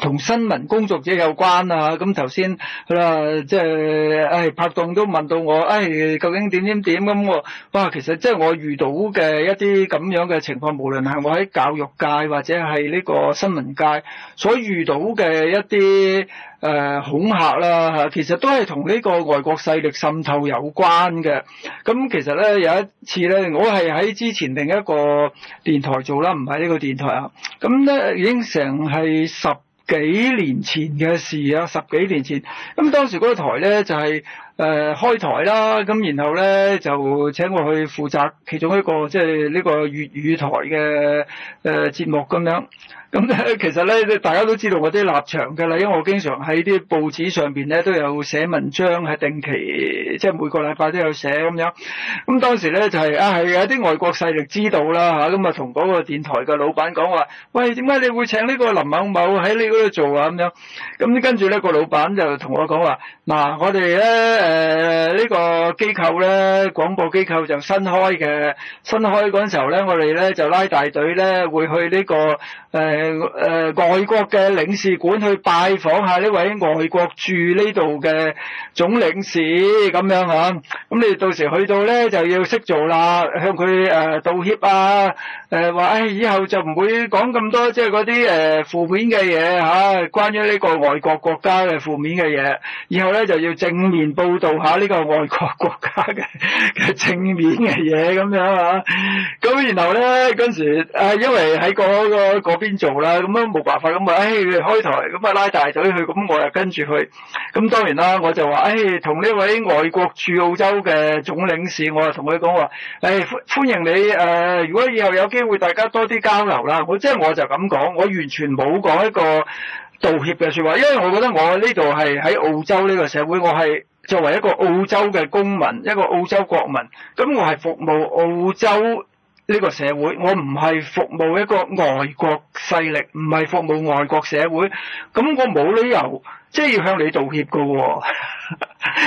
同新聞工作者有關啦嚇，咁頭先啦，即係誒拍檔都問到我，誒究竟點點點咁喎？哇，其實即係我遇到嘅一啲咁樣嘅情況，無論係我喺教育界或者係呢個新聞界所遇到嘅一啲。誒、呃、恐嚇啦嚇，其實都係同呢個外國勢力滲透有關嘅。咁其實咧有一次咧，我係喺之前另一個電台做啦，唔係呢個電台啊。咁咧已經成係十幾年前嘅事啊，十幾年前。咁當時嗰台咧就係、是、誒、呃、開台啦，咁然後咧就請我去負責其中一個即係呢個粵語台嘅、呃、節目咁樣。咁咧，其實咧，大家都知道我啲立場㗎啦，因為我經常喺啲報紙上邊咧都有寫文章，係定期，即、就、係、是、每個禮拜都有寫咁樣。咁當時咧就係、是、啊，係有啲外國勢力知道啦吓，咁啊同嗰個電台嘅老闆講話，喂，點解你會請呢個林某某喺你嗰度做啊？咁樣，咁、啊、跟住咧個老闆就同我講話，嗱、啊，我哋咧誒呢、呃這個機構咧，廣播機構就新開嘅，新開嗰陣時候咧，我哋咧就拉大隊咧，會去呢、這個、呃誒誒，外國嘅領事館去拜訪下呢位外國駐呢度嘅總領事咁樣嚇，咁你到時去到咧就要識做啦，向佢誒道歉啊，誒話誒以後就唔會講咁多即係嗰啲誒負面嘅嘢嚇，關於呢個外國國家嘅負面嘅嘢，以後咧就要正面報導下呢個外國國家嘅嘅正面嘅嘢咁樣嚇，咁然後咧嗰陣時啊，因為喺嗰個嗰邊做。做啦，咁啊冇辦法，咁、哎、啊，開台，咁啊拉大隊去，咁我又跟住去。咁當然啦，我就話，誒同呢位外國駐澳洲嘅總領事，我就同佢講話，誒、哎、歡迎你。如果以後有機會，大家多啲交流啦。我即係我就咁講，我完全冇講一個道歉嘅說話，因為我覺得我呢度係喺澳洲呢個社會，我係作為一個澳洲嘅公民，一個澳洲國民，咁我係服務澳洲。呢個社會，我唔係服務一個外國勢力，唔係服務外國社會，咁我冇理由即係要向你道歉㗎喎。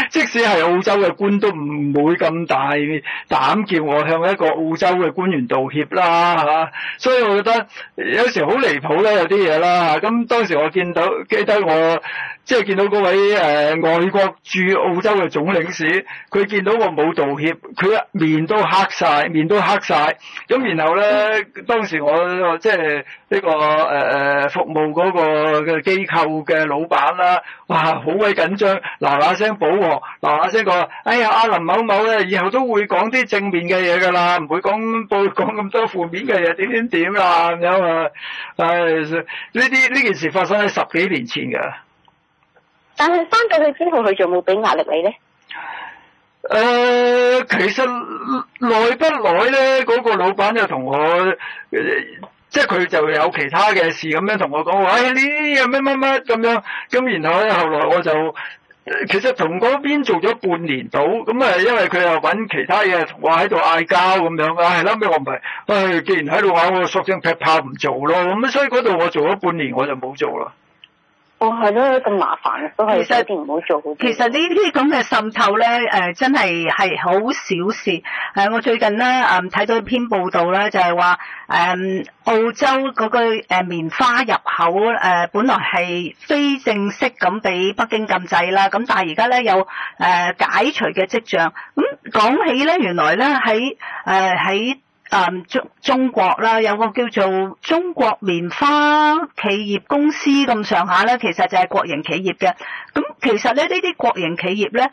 即使係澳洲嘅官都唔會咁大膽叫我向一個澳洲嘅官員道歉啦嚇。所以我覺得有時好離譜咧，有啲嘢啦嚇。咁當時我見到，記得我。即係見到嗰位誒、呃、外國駐澳洲嘅總領事，佢見到我冇道歉，佢面都黑晒，面都黑晒。咁然後咧，當時我即係呢、呢個誒、呃、服務嗰個嘅機構嘅老闆啦，哇，好鬼緊張，嗱嗱聲補喎，嗱嗱聲講，哎呀，阿林某某咧，以後都會講啲正面嘅嘢㗎啦，唔會講講咁多負面嘅嘢點點點啦咁樣啊！唉，呢啲呢件事發生喺十幾年前㗎。但係翻到去之後，佢仲冇俾壓力你咧？誒、呃，其實耐不耐咧？嗰、那個老闆就同我，即係佢就有其他嘅事咁樣同我講話，哎，你又乜乜乜咁樣。咁然後咧，後來我就其實同嗰邊做咗半年到，咁啊，因為佢又搵其他嘢同我喺度嗌交咁樣啊。係、哎、啦，我唔係，哎，既然喺度話我索性劈炮唔做咯，咁所以嗰度我做咗半年我就冇做啦。哦，係咯，咁麻煩，都係一啲唔好做好啲。其實呢啲咁嘅滲透咧，誒、呃，真係係好小事。誒、呃，我最近咧，誒、呃，睇到一篇報道咧，就係、是、話，誒、呃，澳洲嗰個棉花入口，誒、呃，本來係非正式咁俾北京禁制啦，咁但係而家咧，有誒、呃、解除嘅跡象。咁、嗯、講起咧，原來咧喺誒喺。嗯、中中國啦，有個叫做中國棉花企業公司咁上下咧，其實就係國營企業嘅。咁其實咧，呢啲國營企業咧，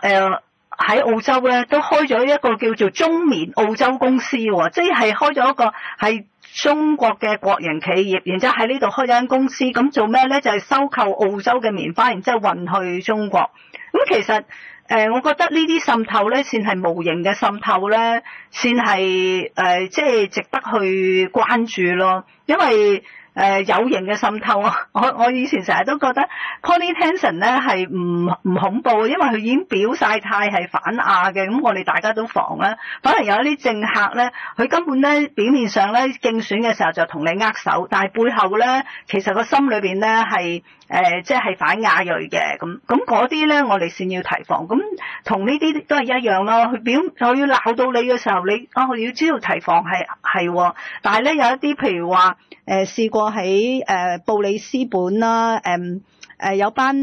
喺、呃、澳洲咧都開咗一個叫做中棉澳洲公司喎、哦，即、就、係、是、開咗一個係中國嘅國營企業，然之後喺呢度開咗間公司，咁做咩咧？就係、是、收購澳洲嘅棉花，然之後運去中國。咁其實。誒、呃，我覺得呢啲滲透咧，算係無形嘅滲透咧，算係誒、呃，即係值得去關注咯。因為誒、呃，有形嘅滲透啊，我我以前成日都覺得 Pauline Hanson 咧係唔唔恐怖，因為佢已經表晒態係反亞嘅，咁我哋大家都防啦。可能有一啲政客咧，佢根本咧表面上咧競選嘅時候就同你握手，但係背後咧其實個心裏邊咧係。是誒、呃、即係反亞裔嘅咁咁嗰啲咧，我哋先要提防。咁同呢啲都係一樣咯。佢表我要鬧到你嘅時候，你啊，你要知道提防係係。但係咧有一啲譬如話誒、呃、試過喺誒、呃、布里斯本啦，誒、呃、誒、呃、有班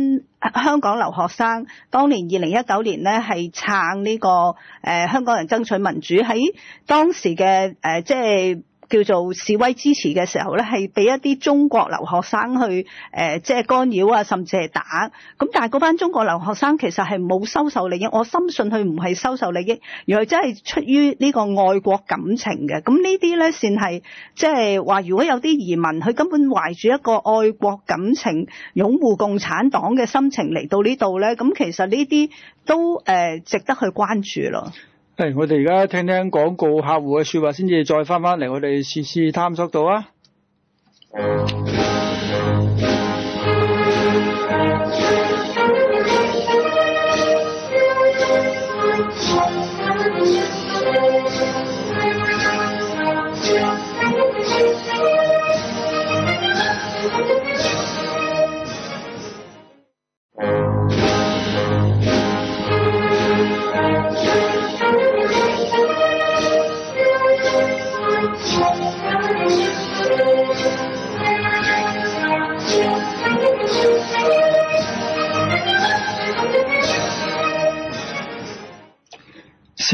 香港留學生，當年二零一九年咧係撐呢、這個誒、呃、香港人爭取民主，喺當時嘅誒、呃、即係。叫做示威支持嘅時候咧，係俾一啲中國留學生去誒即係干擾啊，甚至係打。咁但係嗰班中國留學生其實，係冇收受利益，我深信佢唔係收受利益，而係真係出於呢個愛國感情嘅。咁呢啲咧，先係即係話，如果有啲移民佢根本懷住一個愛國感情，擁護共產黨嘅心情嚟到呢度咧，咁其實呢啲都誒、呃、值得去關注咯。係，我哋而家聽聽廣告客戶嘅説話先至再翻返嚟我哋時事探索到啊！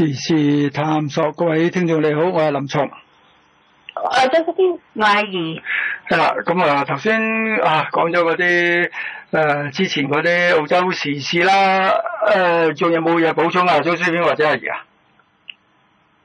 時事探索，各位聽眾你好，我係林松。誒，張淑娟、阿儀。係啦，咁啊，頭先啊講咗嗰啲誒，之前嗰啲澳洲時事啦，誒、呃，仲有冇嘢補充啊？張淑娟或者阿儀啊？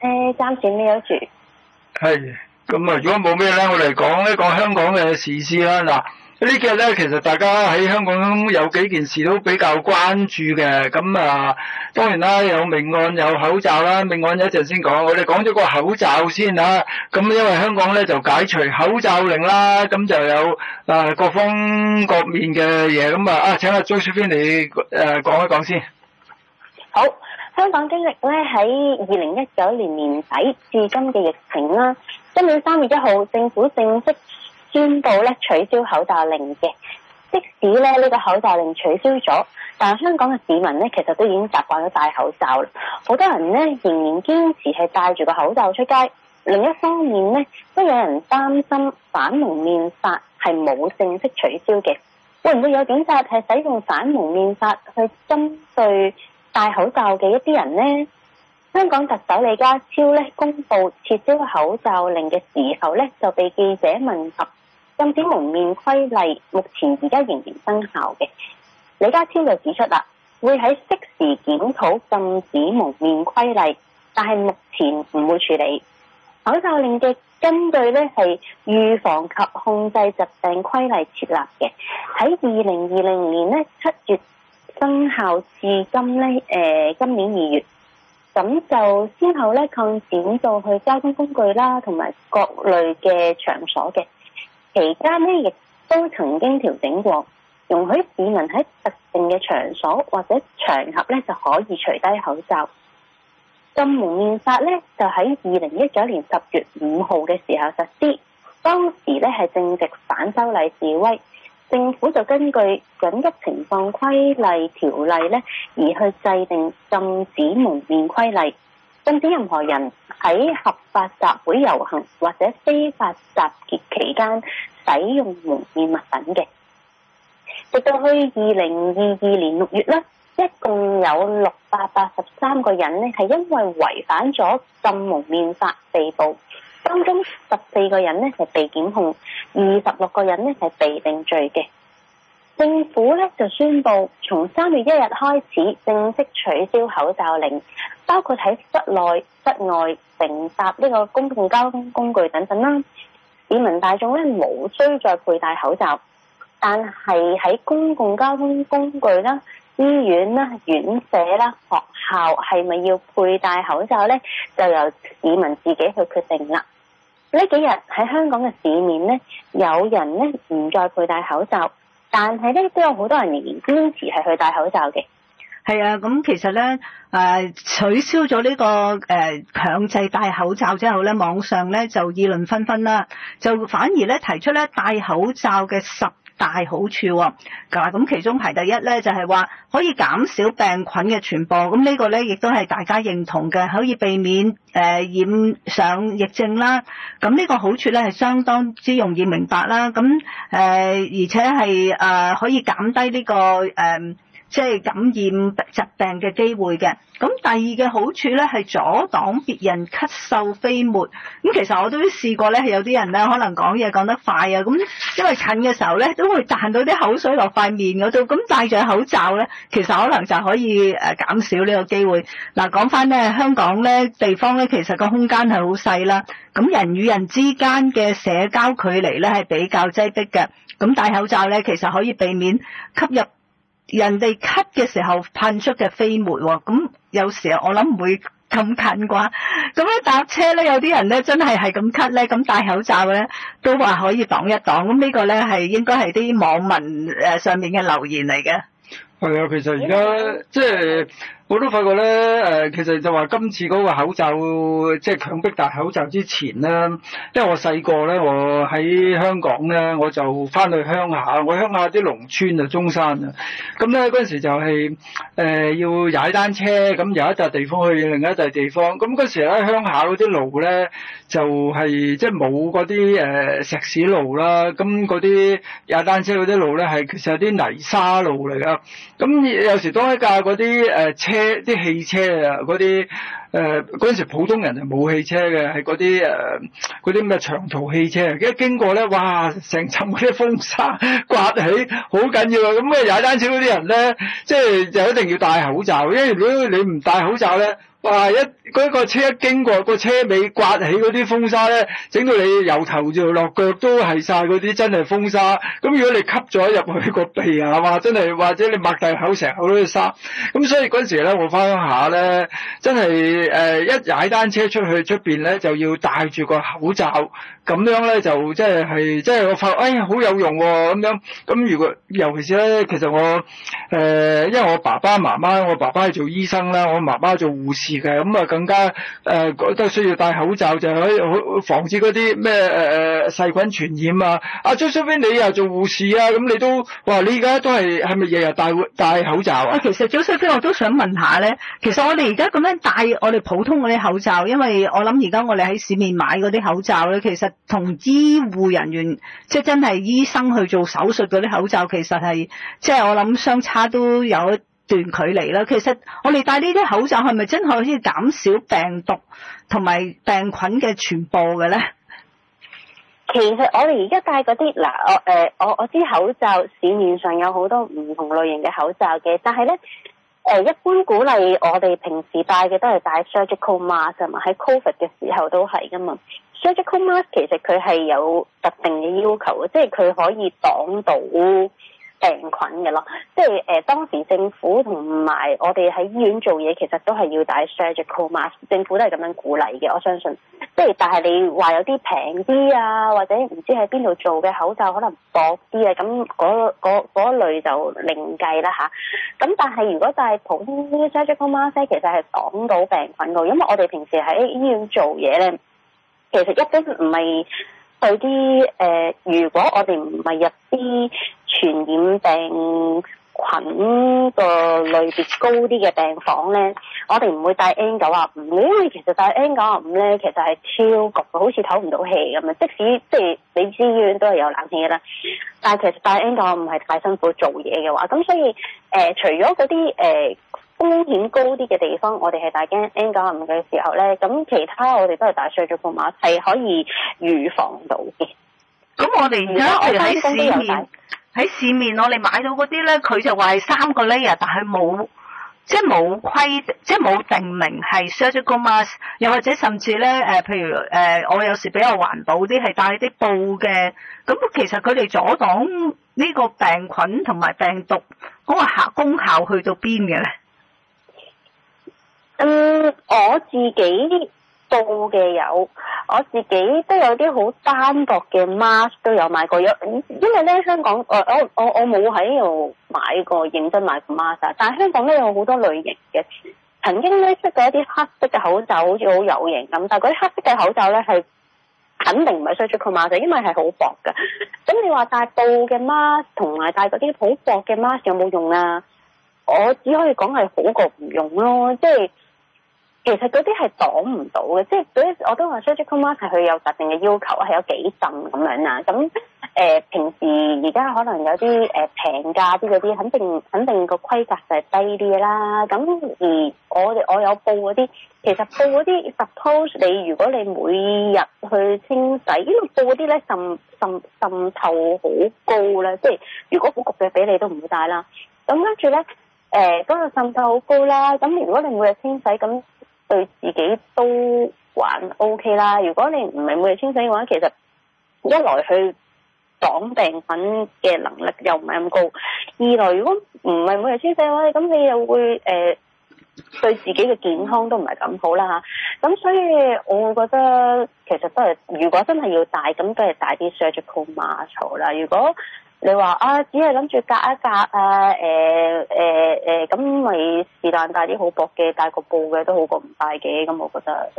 誒、呃，暫時冇嘢。係，咁啊，如果冇咩咧，我哋講一講香港嘅時事啦。嗱。呢幾日咧，其實大家喺香港有幾件事都比較關注嘅，咁啊，當然啦，有命案，有口罩啦。命案一陣先講，我哋講咗個口罩先吓，咁因為香港咧就解除口罩令啦，咁就有啊各方各面嘅嘢，咁啊啊，請阿張雪芬你誒講一講先。好，香港經歷咧喺二零一九年年底至今嘅疫情啦，今年三月一號政府正式，宣布咧取消口罩令嘅，即使咧呢個口罩令取消咗，但係香港嘅市民呢其實都已經習慣咗戴口罩啦。好多人呢仍然堅持係戴住個口罩出街。另一方面呢，都有人擔心反蒙面法係冇正式取消嘅，會唔會有警察係使用反蒙面法去針對戴口罩嘅一啲人呢？香港特首李家超咧公布撤銷口罩令嘅時候呢，就被記者問及。禁止蒙面規例目前而家仍然生效嘅，李家超就指出啦，會喺適時檢討禁止蒙面規例，但係目前唔會處理。口罩令嘅根據咧係預防及控制疾病規例設立嘅，喺二零二零年咧七月生效至今咧，誒、呃、今年二月，咁就先後咧擴展到去交通工具啦，同埋各類嘅場所嘅。期間呢亦都曾經調整過，容許市民喺特定嘅場所或者場合咧就可以除低口罩。禁蒙面法咧就喺二零一九年十月五號嘅時候實施，當時咧係正值反修例示威，政府就根據緊急情況規例條例咧而去制定禁止蒙面規例。禁止任何人喺合法集會遊行或者非法集結期間使用蒙面物品嘅。直到去二零二二年六月呢，一共有六百八十三個人呢，係因為違反咗禁蒙面法被捕，當中十四個人呢，係被檢控，二十六個人呢，係被定罪嘅。政府咧，就宣布，從三月一日開始正式取消口罩令，包括喺室內、室外乘搭呢個公共交通工具等等啦。市民大眾咧無需再佩戴口罩，但係喺公共交通工具啦、醫院啦、院舍啦、學校係咪要佩戴口罩咧？就由市民自己去決定啦。呢幾日喺香港嘅市面咧，有人咧唔再佩戴口罩。但係咧都有好多人仍然堅持係去戴口罩嘅，係啊，咁、嗯、其實咧、啊，取消咗呢個、呃、強制戴口罩之後咧，網上咧就議論紛紛啦，就反而咧提出咧戴口罩嘅十大好處喎，咁其中排第一咧就係話可以減少病菌嘅傳播，咁、這、呢個咧亦都係大家認同嘅，可以避免染上疫症啦。咁、這、呢個好處咧係相當之容易明白啦。咁而且係可以減低呢、這個即係感染疾病嘅機會嘅，咁第二嘅好處咧係阻擋別人咳嗽飛沫。咁其實我都試過咧，有啲人咧可能講嘢講得快啊，咁因為近嘅時候咧都會彈到啲口水落塊面嗰度，咁戴住口罩咧，其實可能就可以誒減少呢個機會。嗱，講翻咧香港咧地方咧，其實個空間係好細啦，咁人與人之間嘅社交距離咧係比較擠迫嘅，咁戴口罩咧其實可以避免吸入。人哋咳嘅時候噴出嘅飛沫喎，咁有時啊，我諗唔會咁近啩。咁咧搭車咧，有啲人咧真係係咁咳咧，咁戴口罩咧都話可以擋一擋。咁呢個咧係應該係啲網民誒上面嘅留言嚟嘅。係啊，其實而家即係。我都發覺咧，誒，其實就話今次嗰個口罩，即係強迫戴口罩之前咧，因為我細個咧，我喺香港咧，我就翻去鄉下，我鄉下啲農村就中山啦。咁咧嗰陣時就係誒要踩單車，咁有一笪地方去另一笪地方。咁嗰時咧鄉下嗰啲路咧就係即係冇嗰啲誒石屎路啦，咁嗰啲踩單車嗰啲路咧係其實有啲泥沙路嚟㗎。咁有時當一架嗰啲誒車。啲汽車啊，嗰啲誒嗰陣時普通人係冇汽車嘅，係嗰啲誒啲咩長途汽車，一經過咧，哇！成層嗰啲風沙刮起，好緊要。啊、嗯。咁啊踩單車嗰啲人咧，即係就一定要戴口罩，因為如果你唔戴口罩咧，哇一～嗰個車一經過，個車尾刮起嗰啲風沙呢，整到你由頭就落腳都係曬嗰啲真係風沙。咁如果你吸咗入去個鼻啊，哇！真係或者你擘大口成口都係沙。咁所以嗰陣時呢，我翻鄉下呢，真係、呃、一踩單車出去出面呢就要戴住個口罩。咁樣呢，就即係係即係我發覺，哎好有用喎、哦、咁樣。咁如果尤其是呢，其實我、呃、因為我爸爸媽媽，我爸爸係做醫生啦，我媽媽做護士嘅，咁啊。更加誒、呃，都需要戴口罩，就可以防止嗰啲咩誒誒細菌傳染啊！阿 Josephine，你又做護士啊？咁你都話你而家都係係咪日日戴戴口罩啊？其實 Josephine，我都想問下咧，其實我哋而家咁樣戴我哋普通嗰啲口罩，因為我諗而家我哋喺市面買嗰啲口罩咧，其實同醫護人員即係、就是、真係醫生去做手術嗰啲口罩，其實係即係我諗相差都有。段距離啦，其實我哋戴呢啲口罩係咪真係可以減少病毒同埋病菌嘅傳播嘅咧？其實我哋而家戴嗰啲，嗱我誒、呃、我我知口罩市面上有好多唔同類型嘅口罩嘅，但係咧誒一般鼓勵我哋平時戴嘅都係戴 surgical mask 啊嘛，喺 COVID 嘅時候都係噶嘛，surgical mask 其實佢係有特定嘅要求嘅，即係佢可以擋到病菌嘅咯，即係誒、呃，當時政府同埋我哋喺醫院做嘢，其實都係要戴 surgical mask，政府都係咁樣鼓勵嘅。我相信，即係但係你話有啲平啲啊，或者唔知喺邊度做嘅口罩可能薄啲啊，咁嗰嗰類就另計啦吓。咁、啊、但係如果戴普通啲 surgical mask，其實係擋到病菌噶，因為我哋平時喺醫院做嘢咧，其實一般唔係。對啲誒，如果我哋唔係入啲傳染病菌個類別高啲嘅病房咧，我哋唔會戴 N 九十五，因為其實戴 N 九十五咧，其實係超焗好似唞唔到氣咁啊！即使即係、就是、你知醫院都係有冷氣啦，但係其實戴 N 九十五係太辛苦做嘢嘅話，咁所以誒、呃，除咗嗰啲誒。呃風險高啲嘅地方，我哋係大驚 N95 嘅時候咧，咁其他我哋都係戴 surgical mask，係可以預防到嘅。咁我哋而家我哋喺市面喺市面，市面我哋買到嗰啲咧，佢就話係三個 layer，但係冇即係冇規即係冇定明係 surgical mask，又或者甚至咧譬如誒、呃，我有時比較環保啲，係戴啲布嘅。咁其實佢哋阻擋呢個病菌同埋病毒，咁個效功效去到邊嘅咧？嗯，我自己啲布嘅有，我自己都有啲好單薄嘅 mask 都有買過。有，因為咧香港，我我我我冇喺呢度買過認真買過 mask。但係香港咧有好多類型嘅，曾經咧識過一啲黑色嘅口罩好似好有型咁，但係嗰啲黑色嘅口罩咧係肯定唔係 s 出佢 mask，因為係好薄㗎。咁你話戴布嘅 mask 同埋戴嗰啲好薄嘅 mask 有冇用啊？我只可以講係好過唔用咯，即係。其實嗰啲係擋唔到嘅，即係嗰啲我都話 surgical mask 佢有特定嘅要求，係有幾浸咁樣啦。咁誒、呃、平時而家可能有啲誒平價啲嗰啲，肯定肯定個規格就係低啲嘅啦。咁而我哋我有報嗰啲，其實報嗰啲，suppose 你如果你每日去清洗，因為報嗰啲咧滲滲滲透好高咧，即係如果好焗嘅比例都唔會大啦。咁跟住咧誒，嗰個滲透好高啦。咁如，、呃、如果你每日清洗咁。對自己都還 OK 啦。如果你唔係每日清洗嘅話，其實一來去擋病菌嘅能力又唔係咁高；二來如果唔係每日清洗嘅話，咁你又會誒、呃、對自己嘅健康都唔係咁好啦嚇。咁所以我會覺得其實都係，如果真係要戴，咁都係戴啲 surgical mask 啦。如果你話啊，只係諗住隔一隔啊，誒誒誒，咁咪是但戴啲好薄嘅，戴個布嘅都好過唔戴嘅，咁我覺得。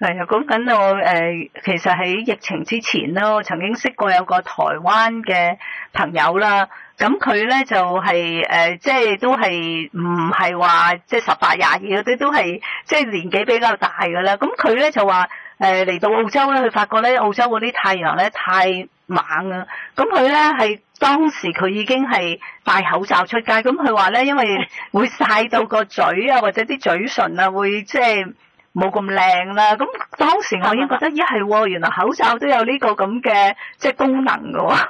係啊，講緊我誒，其實喺疫情之前咯，我曾經識過有個台灣嘅朋友啦，咁佢咧就係誒，即係都係唔係話即係十八廿二嗰啲，都係即係年紀比較大㗎啦。咁佢咧就話誒嚟到澳洲咧，佢發覺咧澳洲嗰啲太陽咧太猛啊！咁佢咧係當時佢已經係戴口罩出街，咁佢話咧因為會曬到個嘴啊，或者啲嘴唇啊會即係冇咁靚啦。咁、啊、當時我已經覺得咦係喎，原來口罩都有呢個咁嘅即係功能噶、哦啊。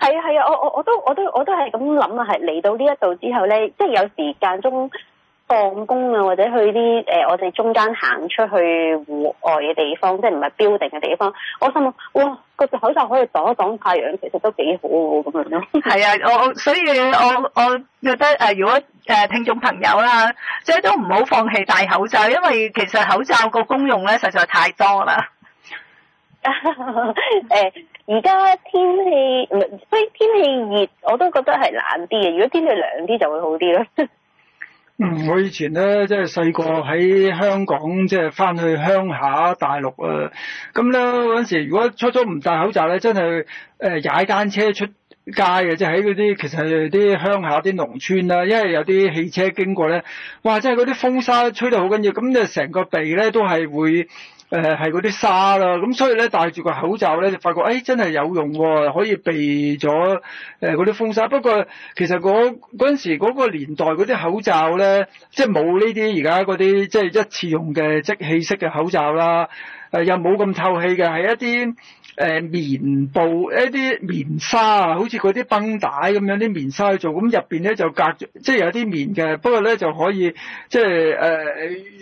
係啊係啊，我我我都我都我都係咁諗啊，係嚟到呢一度之後咧，即、就、係、是、有時間中。放工啊，或者去啲誒、呃，我哋中間行出去戶外嘅地方，即係唔係標定嘅地方，我心諗哇，個口罩可以擋一擋，擋太陽，其實都幾好喎咁樣咯。係啊，我我所以我我覺得、呃、如果、呃、聽眾朋友啦，即係都唔好放棄戴口罩，因為其實口罩個功用咧，實在太多啦 呃。誒，而家天氣唔係，所以天氣熱，我都覺得係冷啲嘅。如果天氣涼啲，就會好啲咯。嗯，我以前咧即係細個喺香港，即係翻去鄉下、大陸啊。咁咧嗰陣時，如果初初唔戴口罩咧，真係誒、呃、踩單車出街嘅、啊，即係喺嗰啲其實係啲鄉下啲農村啦、啊。因為有啲汽車經過咧，哇！真係嗰啲風沙吹得好緊要，咁就成個鼻咧都係會。誒係嗰啲沙啦，咁所以咧戴住個口罩咧，就發覺，誒、哎、真係有用喎、哦，可以避咗誒嗰啲風沙。不過其實嗰嗰陣時嗰、嗰個年代嗰啲口罩咧，即係冇呢啲而家嗰啲即係一次用嘅即棄式嘅口罩啦，呃、又冇咁透氣嘅，係一啲，誒、呃、棉布一啲棉紗啊，好似嗰啲繃帶咁樣啲棉紗去做，咁入邊咧就隔，即係有啲棉嘅。不過咧就可以，即係誒、呃、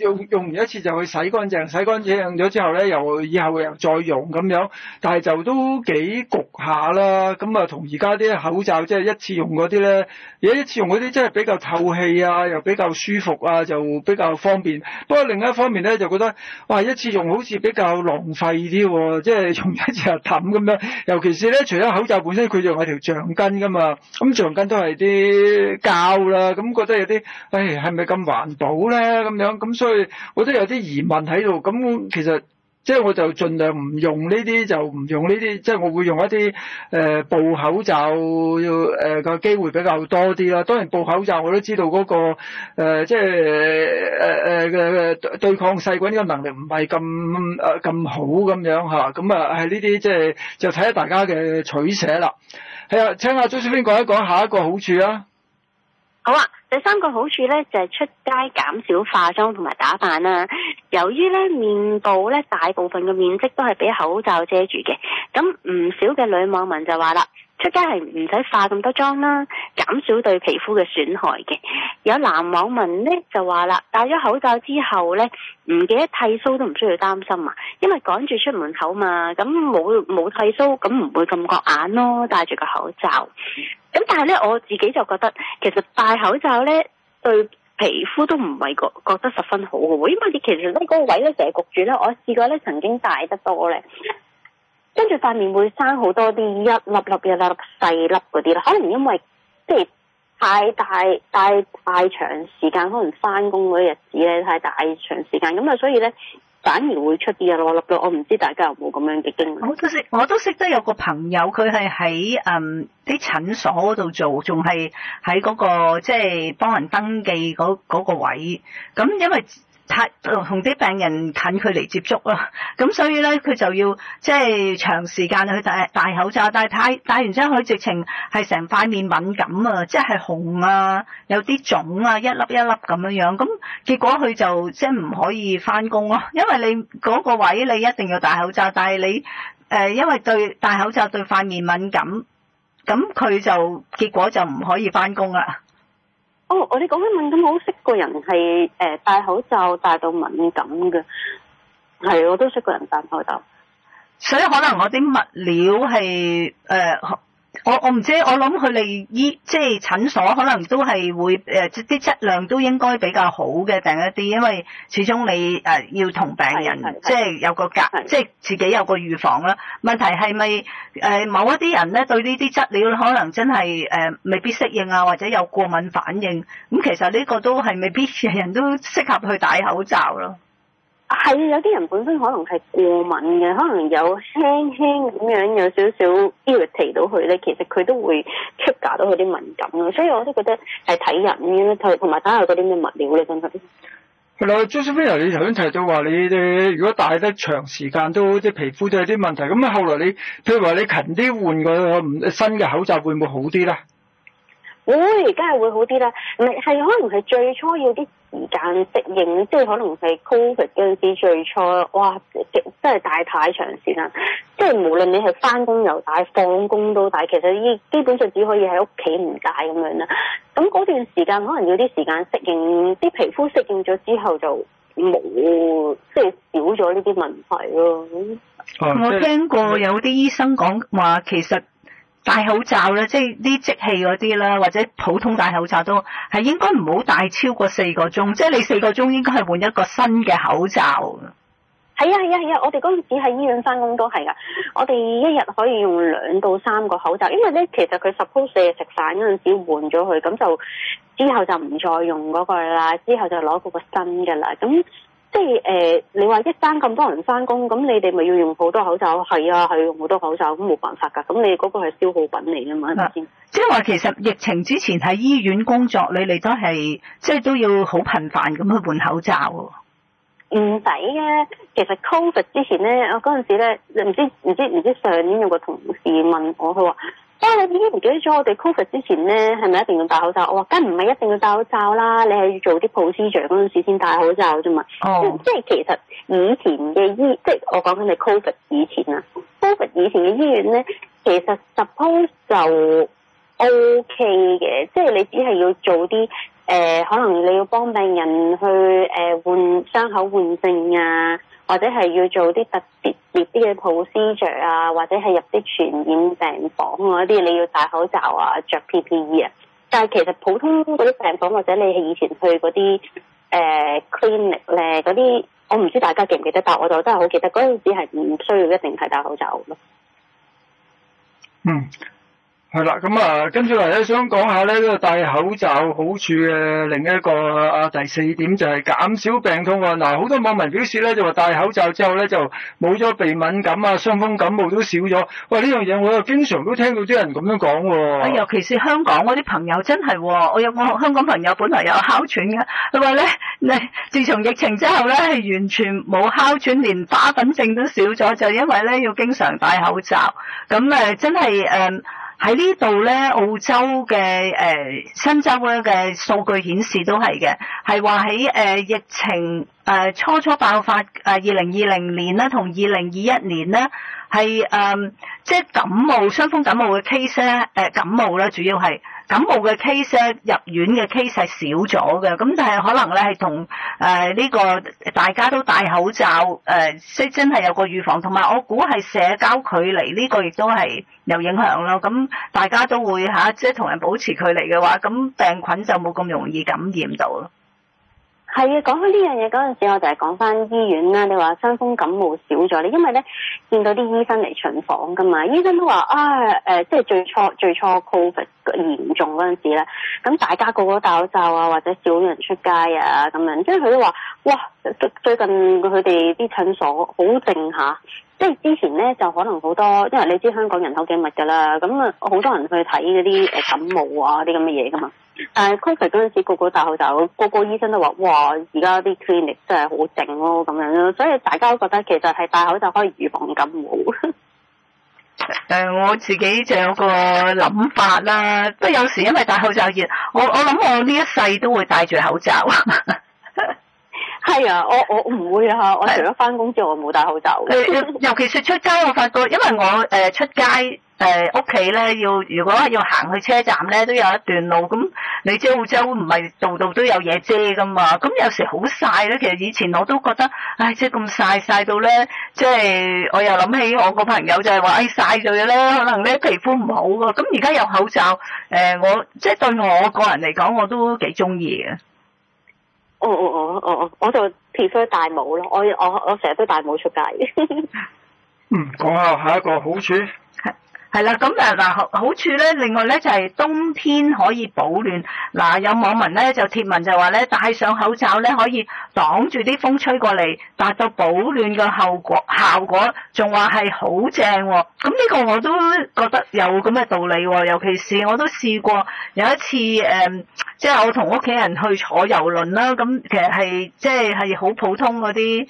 用用完一次就去洗乾淨洗乾淨咗之後咧又以後又再用咁樣。但係就都幾焗下啦。咁啊，同而家啲口罩即係一次用嗰啲咧，而一次用嗰啲真係比較透氣啊，又比較舒服啊，就比較方便。不過另一方面咧就覺得，哇！一次用好似比較浪費啲喎，即係用一次。就咁樣，尤其是咧，除咗口罩本身，佢仲有條橡筋㗎嘛，咁橡筋都係啲膠啦，咁覺得有啲，唉，係咪咁環保咧？咁樣，咁所以我都有啲疑問喺度，咁其實。即係我就盡量唔用呢啲，就唔用呢啲。即係我會用一啲誒布口罩，誒、呃、個機會比較多啲啦。當然布口罩我都知道嗰、那個、呃、即係誒嘅對抗細菌呢個能力唔係咁咁好，咁樣咁啊，係呢啲即係就睇、是、下大家嘅取捨啦。係啊，請阿朱小兵講一講下，下一個好處啊。好啊，第三個好處咧就係出街減少化妝同埋打扮啦。由於咧面部咧大部分嘅面積都係俾口罩遮住嘅，咁唔少嘅女網民就話啦，出街係唔使化咁多妝啦，減少對皮膚嘅損害嘅。有男網民咧就話啦，戴咗口罩之後咧，唔記得剃鬚都唔需要擔心啊，因為趕住出門口嘛，咁冇冇剃鬚咁唔會咁覺眼咯，戴住個口罩。咁但係咧，我自己就覺得其實戴口罩咧對皮膚都唔係覺得覺得十分好嘅，因為你其實咧嗰、嗰個位咧成日焗住咧，我試過咧曾經戴得多咧，跟住塊面會生好多啲一粒粒、一粒一粒細粒嗰啲啦，可能因為即係太大、戴太，太，太大長時間，可能翻工嗰日子咧太大長時間咁啊，所以咧。反而會出啲嘢落嚟，我諗到我唔知大家有冇咁樣嘅經歷。我都識，我都識得有個朋友，佢係喺嗯啲診所嗰度做，仲係喺嗰個即係、即係、幫人登記嗰、嗰個嗰個位。咁因為。太同啲病人近距離接觸咯、啊，咁所以咧佢就要即係長時間去戴戴口罩，但係戴戴完之後佢直情係成塊面敏感啊，即係紅啊，有啲腫啊，一粒一粒咁樣，咁結果佢就即係唔可以翻工咯，因為你嗰個位你一定要戴口罩，但係你、呃、因為對戴口罩對塊面敏感，咁佢就結果就唔可以翻工啦。哦，我哋講起敏感，好識個人係誒、呃、戴口罩戴到敏感嘅，係我都識個人戴口罩，所以可能我啲物料係誒。呃我我唔知，我諗佢哋醫即係診所，可能都係會誒，啲、呃、質量都應該比較好嘅定一啲，因為始終你誒、呃、要同病人即係有個隔，即係是自己有個預防啦。問題係咪誒某一啲人咧，對呢啲質料可能真係誒、呃、未必適應啊，或者有過敏反應咁、嗯，其實呢個都係未必人人都適合去戴口罩咯。係啊，有啲人本身可能係過敏嘅，可能有輕輕咁樣有少少 irritate 到佢咧，其實佢都會出假到佢啲敏感啊，所以我都覺得係睇人咁，同埋睇下嗰啲咩物料咧，真係。係啦 Josephine，你頭先提到話你哋如果戴得長時間都即係皮膚都有啲問題，咁後來你譬如話你勤啲換個新嘅口罩，會唔會好啲咧？哦，而家係會好啲啦，唔係係可能係最初要啲。時間適應，即係可能係 Covid 陣時最初，哇，真係戴太長時間，即係無論你係翻工又戴，放工都戴，其實基本上只可以喺屋企唔戴咁樣啦。咁嗰段時間可能要啲時間適應，啲皮膚適應咗之後就冇，即係少咗呢啲問題咯。啊、我聽過有啲醫生講話，其實。戴口罩咧，即係啲即棄嗰啲啦，或者普通戴口罩都係應該唔好戴超過四個鐘，即係你四個鐘應該係換一個新嘅口罩。係啊係啊係啊！我哋嗰陣時喺醫院返工都係噶，我哋一日可以用兩到三個口罩，因為咧其實佢 suppose 四日食飯嗰陣時候換咗佢，咁就之後就唔再用嗰個啦，之後就攞嗰個，個新噶啦，咁。即係誒，你話一班咁多人翻工，咁你哋咪要用好多口罩？係啊，係用好多口罩，咁冇辦法㗎。咁你嗰個係消耗品嚟㗎嘛？係咪？即係話其實疫情之前喺醫院工作，你哋都係即係都要好頻繁咁去換口罩。唔抵嘅，其實 COVID 之前咧，我嗰陣時呢，你唔知唔知唔知道上年有個同事問我，佢話。當你已經唔記得咗我哋 Covid 之前咧，係咪一定要戴口罩？我話梗唔係一定要戴口罩啦，你係要做啲普師長嗰陣時先戴口罩啫嘛。Oh. 即係其實以前嘅醫，即係我講緊你 Covid 以前啊。Covid 以前嘅醫院咧，其實 suppose 就 OK 嘅，即係你只係要做啲誒、呃，可能你要幫病人去誒、呃、換傷口換症啊。或者係要做啲特別熱啲嘅 procedure 啊，或者係入啲傳染病房啊嗰啲，你要戴口罩啊，着 PPE 啊。但係其實普通嗰啲病房或者你係以前去嗰啲誒 clinic 咧，嗰、呃、啲我唔知大家記唔記得，但係我就真係好記得嗰陣時係唔需要一定係戴口罩咯。嗯。係啦，咁啊，跟住嚟咧，想講下咧，呢個戴口罩好處嘅另一個啊，第四點就係減少病痛喎。嗱，好多網民表示咧，就話戴口罩之後咧，就冇咗鼻敏感啊，傷風感冒都少咗。喂，呢樣嘢我又經常都聽到啲人咁樣講喎。尤其是香港我啲朋友真係，我有個香港朋友本來有哮喘嘅，佢話咧，你自從疫情之後咧，係完全冇哮喘，連花粉症都少咗，就因為咧要經常戴口罩。咁啊，真、嗯、係喺呢度咧，澳洲嘅誒、呃、新州咧嘅數據顯示都係嘅，係話喺誒疫情誒、呃、初初爆發誒二零二零年啦同二零二一年咧係誒即係感冒傷風感冒嘅 case 咧誒、呃、感冒咧主要係。感冒嘅 case 入院嘅 case 係少咗嘅，咁但係可能咧係同誒呢個大家都戴口罩誒即係真係有個預防，同埋我估係社交距離呢個亦都係有影響咯。咁大家都會吓即係同人保持距離嘅話，咁病菌就冇咁容易感染到咯。係啊，講開呢樣嘢嗰陣時，我就係講翻醫院啦。你話傷風感冒少咗你因為咧，見到啲醫生嚟巡房㗎嘛。醫生都話啊，誒、呃，即係最初最初 COVID 嚴重嗰陣時咧，咁大家個個都戴口罩啊，或者少人出街啊咁樣，即係佢都話，哇，最近佢哋啲診所好靜下。即係之前咧就可能好多，因為你知香港人口幾密㗎啦，咁啊好多人去睇嗰啲誒感冒啊啲咁嘅嘢㗎嘛。但係，初期嗰陣時個個戴口罩，個個醫生都話，哇！而家啲 clinic 真係好靜咯、哦，咁樣咯。所以大家都覺得其實係戴口罩可以預防感冒。誒、呃，我自己就有個諗法啦，都有時因為戴口罩熱，我我諗我呢一世都會戴住口罩。 係啊，我我唔會啊，我除咗翻工之外，我冇戴口罩。尤其是出街，我發覺，因為我誒出街誒屋企咧，要如果係要行去車站咧，都有一段路。咁你知澳洲唔係度度都有嘢遮噶嘛，咁有時好曬咧。其實以前我都覺得，唉，即係咁曬曬到咧，即係我又諗起我個朋友就係話，誒曬咗嘢咧，可能咧皮膚唔好噶。咁而家有口罩，誒我即係對我個人嚟講，我都幾中意嘅。哦哦哦哦哦！大我就 prefer 戴帽咯，我我我成日都戴帽出街。嗯，講下下一個好處係係啦，咁誒嗱好好處咧，另外咧就係、是、冬天可以保暖。嗱、嗯，有網民咧就貼文就話咧，戴上口罩咧可以擋住啲風吹過嚟，達到保暖嘅效果，效果仲話係好正喎、哦。咁呢個我都覺得有咁嘅道理喎、哦，尤其是我都試過有一次誒。嗯即係我同屋企人去坐遊輪啦，咁其實係即係係好普通嗰啲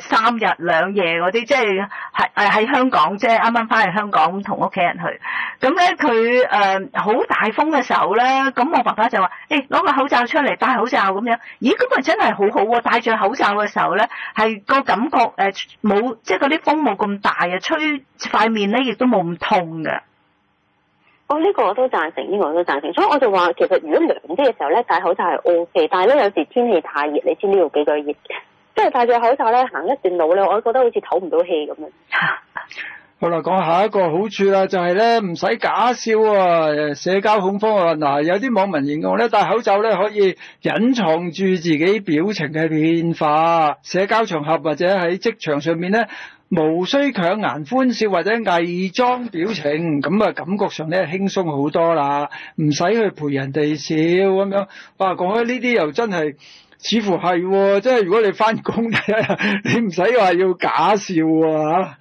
三日兩夜嗰啲，即係係喺香港即係啱啱翻嚟香港同屋企人去，咁咧佢好大風嘅時候咧，咁我爸爸就話，誒、欸、攞個口罩出嚟戴口罩咁樣，咦咁啊真係好好喎！戴住口罩嘅時候咧，係個感覺誒冇即係嗰啲風冇咁大啊，吹塊面咧亦都冇咁痛㗎。我呢、哦呢個我都贊成，呢、呢個我都贊成，所以我就話其實如果涼啲嘅時候咧，戴口罩係 O K，但係咧有時天氣太熱，你知呢度幾鬼熱嘅，即係戴住口罩咧行一段路咧，我都覺得好似唞唔到氣咁樣。 好啦，講下一個好處啦，就係咧唔使假笑啊，社交恐慌啊，嗱，有啲網民形容咧戴口罩咧可以隱藏住自己表情嘅變化，社交場合或者喺職場上面咧。無需強顏歡笑或者偽裝表情，咁啊感覺上咧輕鬆好多啦，唔使去陪人哋笑咁樣。哇，講開呢啲又真係似乎係喎、哦，即係如果你翻工， 你唔使話要假笑喎、啊。.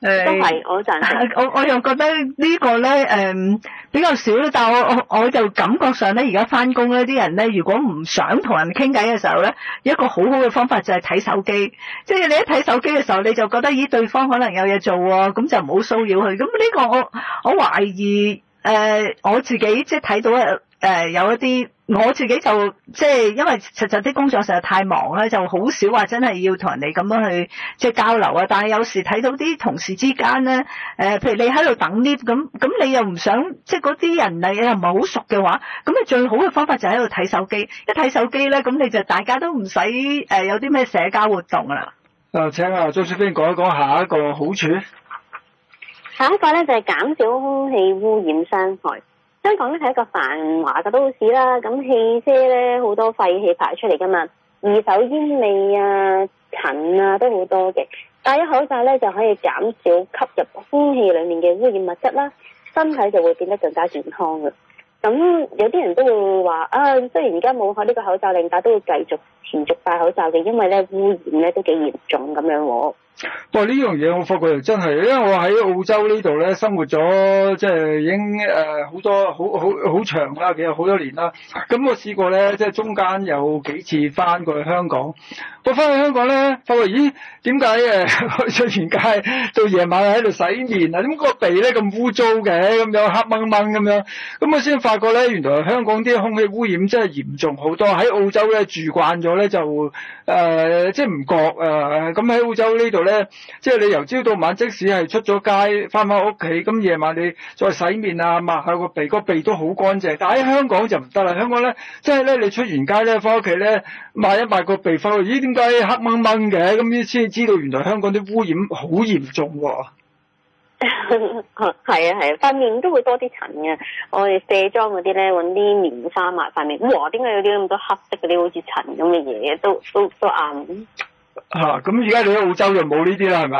都係，是我係。我我又覺得這個呢個咧，誒、嗯、比較少。但係我我我就感覺上咧，而家返工咧啲人咧，如果唔想同人傾偈嘅時候咧，有一個很好好嘅方法就係睇手機。即、就、係、是、你一睇手機嘅時候，你就覺得咦對方可能有嘢做喎、哦，咁就唔好騷擾佢。咁呢個我我懷疑，誒、呃、我自己即係睇到誒。誒、呃，有一啲我自己就即係，因為實際啲工作實在太忙啦，就好少話真係要同人哋咁樣去即係交流啊。但係有時睇到啲同事之間咧，誒、呃，譬如你喺度等 lift 咁，咁你又唔想即係嗰啲人啊又唔係好熟嘅話，咁你最好嘅方法就喺度睇手機。一睇手機咧，咁你就大家都唔使誒有啲咩社交活動啦。請啊，請阿張小冰講一講下一個好處。下一個咧就係、是、減少空氣污染傷害。香港咧係一個繁華嘅都市啦，咁汽車咧好多廢氣排出嚟噶嘛，二手煙味啊、塵啊都好多嘅。戴一口罩咧就可以減少吸入空氣裏面嘅污染物質啦，身體就會變得更加健康嘅。咁有啲人都會話啊，雖然而家冇開呢個口罩令，但都會繼續持續戴口罩嘅，因為咧污染咧都幾嚴重咁樣。喂，呢樣嘢，我發覺嚟，真係，因為我喺澳洲呢度咧生活咗，即係已經誒好多好好好長啦，其實好多年啦。咁我試過咧，即係中間有幾次翻過去香港，我翻去香港咧，發覺咦，點解誒去春街到夜晚喺度洗面啊？點個鼻咧咁污糟嘅，咁樣黑掹掹咁樣，咁我先發覺咧，原來香港啲空氣污染真係嚴重好多。喺澳洲咧住慣咗咧就誒即係唔覺啊，咁喺澳洲呢度咧。咧，即係你由朝到晚，即使係出咗街返，翻返屋企，咁夜晚你再洗面啊，抹下個鼻，那個鼻都好乾淨。但喺香港就唔得啦，香港咧，即係咧，你出完街咧，翻屋企咧，抹一抹個鼻翻去，咦，點解黑掹掹嘅？咁先知道原來香港啲污染好嚴重。係啊係啊，洗、 啊啊、面都會多啲塵嘅。我哋卸妝嗰啲咧，搵啲棉花埋塊面。哇，點解有啲咁多黑色嗰啲好似塵咁嘅嘢？都都都啱。嗯吓，咁而家你喺澳洲就冇呢啲啦，係咪？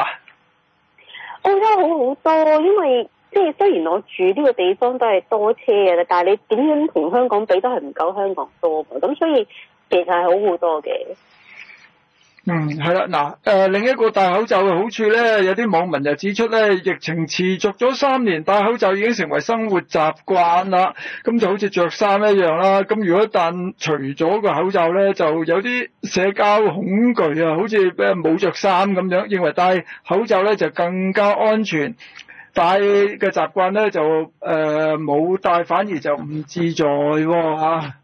澳洲好好多，因為即係雖然我住呢個地方都係多車嘅啦，但係你點樣同香港比都係唔夠香港多，咁所以其實係好好多嘅。嗯，係啦，嗱、啊呃，另一個戴口罩嘅好處咧，有啲網民就指出咧，疫情持續咗三年，戴口罩已經成為生活習慣啦。咁就好似著衫一樣啦。咁如果但除咗個口罩咧，就有啲社交恐懼啊，好似誒冇著衫咁樣，認為戴口罩咧就更加安全，戴嘅習慣咧就誒冇、呃、戴反而就唔自在喎、哦啊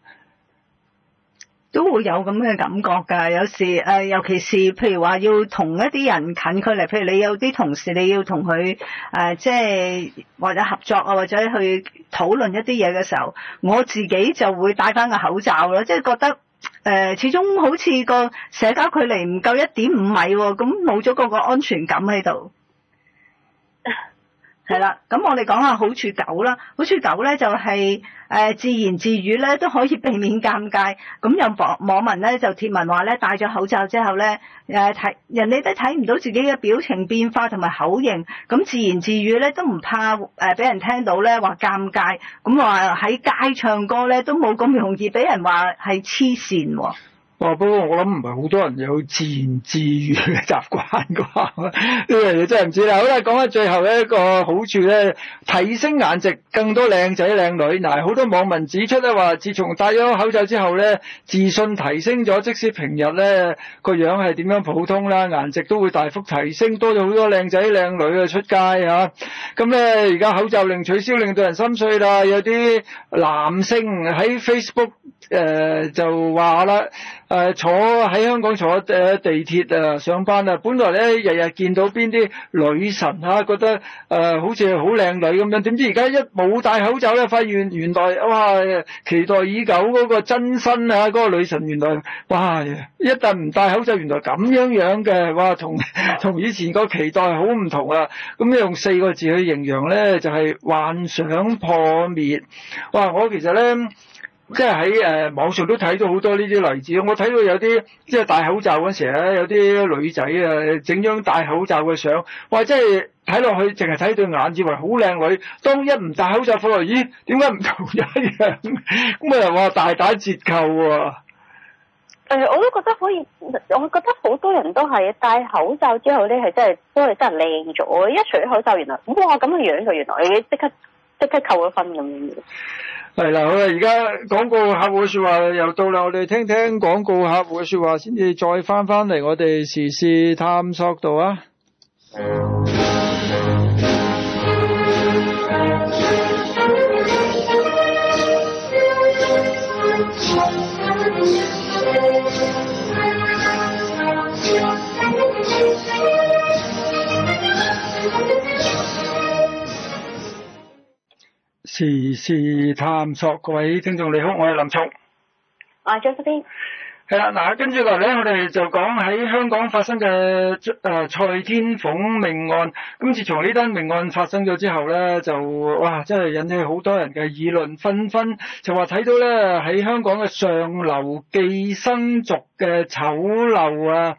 都會有咁嘅感覺㗎，有時、呃、尤其是譬如話要同一啲人近距離，譬如你有啲同事，你要同佢、呃、即係或者合作啊，或者去討論一啲嘢嘅時候，我自己就會戴翻個口罩咯，即係覺得誒、呃，始終好似個社交距離唔夠一點五米喎、哦，咁冇咗嗰個安全感喺度。係啦，咁我哋講下好處九啦。好處九咧就係誒自言自語咧都可以避免尷尬。咁有網網民咧就貼文話咧，戴咗口罩之後咧，誒睇人哋都睇唔到自己嘅表情變化同埋口型，咁自言自語咧都唔怕誒俾人聽到咧，話尷尬。咁話喺街唱歌咧都冇咁容易俾人話係黐線喎。我、哦、不過我諗唔係好多人有自言自語嘅習慣啩，呢樣嘢真係唔知啦。好啦，講翻最後一個好處咧，提升顏值，更多靚仔靚女。嗱，好多網民指出咧話，自從戴咗口罩之後咧，自信提升咗，即使平日咧個樣係點樣普通啦，顏值都會大幅提升，多咗好多靚仔靚女啊出街呀、啊。咁咧而家口罩令取消令到人心碎啦，有啲男性喺 Facebook、呃、就話啦。誒、呃、坐喺香港坐地鐵啊上班啊，本來咧日日見到邊啲女神嚇、啊，覺得、呃、好似好靚女咁樣，點知而家一冇戴口罩咧，發現原、原來哇期待已久嗰個真身啊，嗰、那個女神原來哇一旦唔戴口罩，原來咁樣樣嘅，哇同同以前個期待好唔同啊！咁用四個字去形容咧，就係、是、幻想破滅。哇！我其實咧～即係喺、呃、網上都睇到好多呢啲例子，我睇到有啲即係戴口罩嗰時咧，有啲女仔啊整張戴口罩嘅相，哇！真係睇落去淨係睇對眼，以為好靚女，當一唔戴口罩放落，咦？點解唔同一樣？咁我又話大打折扣啊！嗯、我都覺得可以，我覺得好多人都係戴口罩之後咧，係真係都係真係靚咗。我一除咗口罩原來，哇！咁嘅樣嘅原來，已經即刻即刻扣咗分咁樣。係啦，好啦，而家廣告客戶嘅説話又到啦，我哋聽聽廣告客戶嘅説話先，至再翻翻嚟我哋時事探索度啊。嗯時事探索，各位聽眾你好，我係林聰。啊，Josephine，係啦，嗱，跟住落嚟咧，我哋就講喺香港發生嘅誒蔡天鳳命案。咁自從呢單命案發生咗之後咧，就哇，真係引起好多人嘅議論紛紛，就話睇到咧喺香港嘅上流寄生族嘅醜陋啊！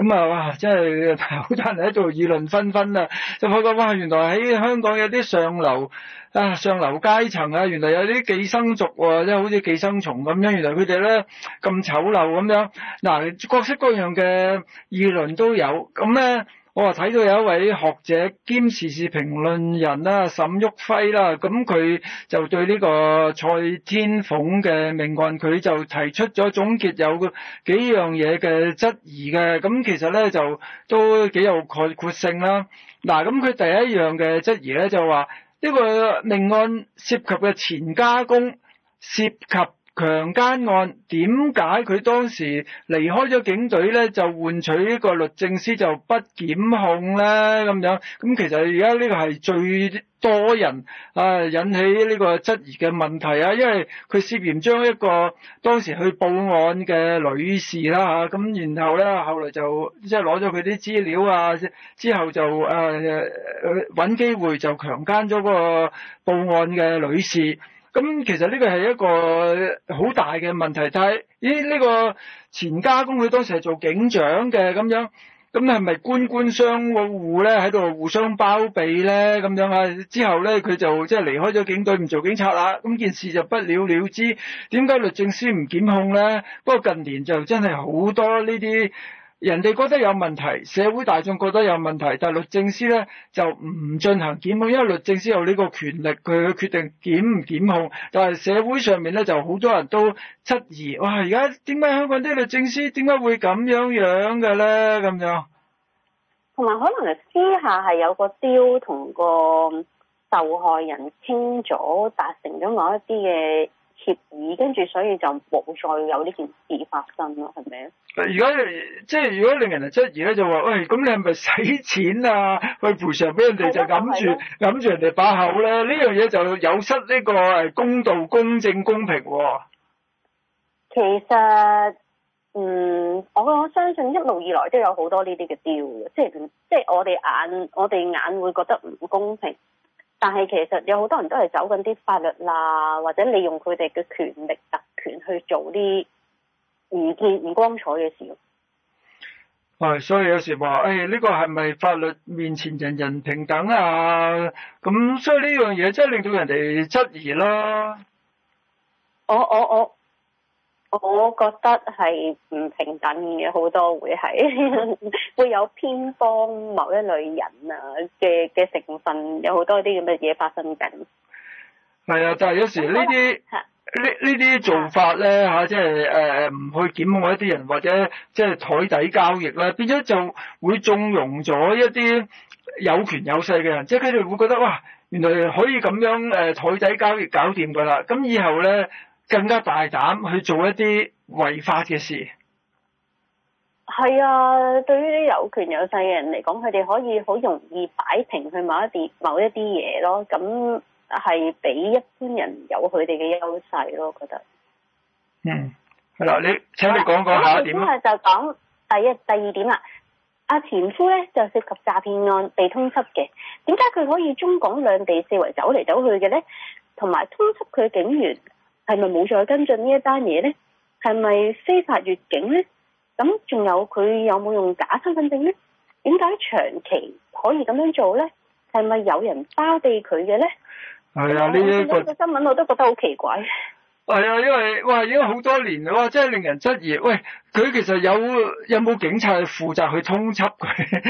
咁啊、嗯，哇！真係好多人喺度議論紛紛啦，就覺得哇，原來喺香港有啲上流啊，上流階層啊，原來有啲寄生族啊，即係好似寄生蟲咁樣。原來佢哋咧咁醜陋咁樣，嗱、啊，各式各樣嘅議論都有咁咧。嗯啊我話睇到有一位學者兼時事評論人啦，沈旭輝啦，咁佢就對呢個蔡天鳳嘅命案，佢就提出咗總結有幾樣嘢嘅質疑嘅，咁其實咧就都幾有概括性啦。嗱，咁佢第一樣嘅質疑咧就話呢個命案涉及嘅前家公涉及。強奸案點解佢當時離開咗警隊咧，就換取呢個律政司就不檢控咧咁樣？咁其實而家呢個係最多人啊引起呢個質疑嘅問題啊，因為佢涉嫌將一個當時去報案嘅女士啦嚇，咁、啊、然後咧後來就即係攞咗佢啲資料啊，之後就誒揾、啊、機會就強奸咗嗰個報案嘅女士。咁其實呢個係一個好大嘅問題，睇咦呢、呢個前家公佢當時係做警長嘅咁樣，咁係咪官官相護咧？喺度互相包庇咧咁樣啊？之後咧佢就即係離開咗警隊唔做警察啦。咁件事就不了了之，點解律政司唔檢控咧？不過近年就真係好多呢啲。人哋覺得有問題，社會大眾覺得有問題，但係律政司咧就唔進行檢控，因為律政司有呢個權力，佢去決定檢唔檢控。但係社會上面咧就好多人都質疑，哇！而家點解香港啲律政司點解會咁樣樣嘅咧？咁樣同埋可能係私下係有個雕同個受害人傾咗，達成咗某一啲嘅。協議，跟住所以就冇再有呢件事發生啦，係咪？如果即係如果令人嚟質疑咧，就話喂，咁你係咪使錢啊去賠償俾人哋？的就諗住諗住人哋把口咧？呢樣嘢就有失呢個係公道、公正、公平、哦。其實，嗯，我我相信一路以來都有好多呢啲嘅 d e 即係即係我哋眼我哋眼會覺得唔公平。但係其實有好多人都係走緊啲法律啦，或者利用佢哋嘅權力特權去做啲唔見唔光彩嘅事。係、哎，所以有時話，誒、哎、呢個係咪法律面前人人平等啊？咁所以呢樣嘢真係令到人哋質疑啦。我我我。哦哦我覺得係唔平等嘅，好多會係 會有偏幫某一類人啊嘅嘅成分，有好多啲咁嘅嘢發生緊。係 啊，但係有時呢啲呢呢啲做法咧嚇，即係誒唔去檢控一啲人，或者即係枱底交易咧，變咗就會縱容咗一啲有權有勢嘅人，即係佢哋會覺得哇，原來可以咁樣誒台、呃、底交易搞掂㗎啦，咁以後咧。更加大膽去做一啲違法嘅事，係啊！對於啲有權有勢嘅人嚟講，佢哋可以好容易擺平去某一啲某一啲嘢咯。咁係比一般人有佢哋嘅優勢咯。我覺得嗯，係啦，你請你講講下一點，啊，就講第一第二點啦。阿前夫咧就涉及詐騙案被通緝嘅，點解佢可以中港兩地四圍走嚟走去嘅咧？同埋通緝佢警員係咪冇再跟進呢一單嘢呢？係咪非法越境呢？咁仲有佢有冇用假身份證呢？點解長期可以咁樣做呢？係咪有人包庇佢嘅呢？係啊的，呢一、那個、個新聞我都覺得好奇怪。係啊、哎，因為哇，已經好多年，哇，真係令人質疑。喂，佢其實有有冇警察負責去通緝佢？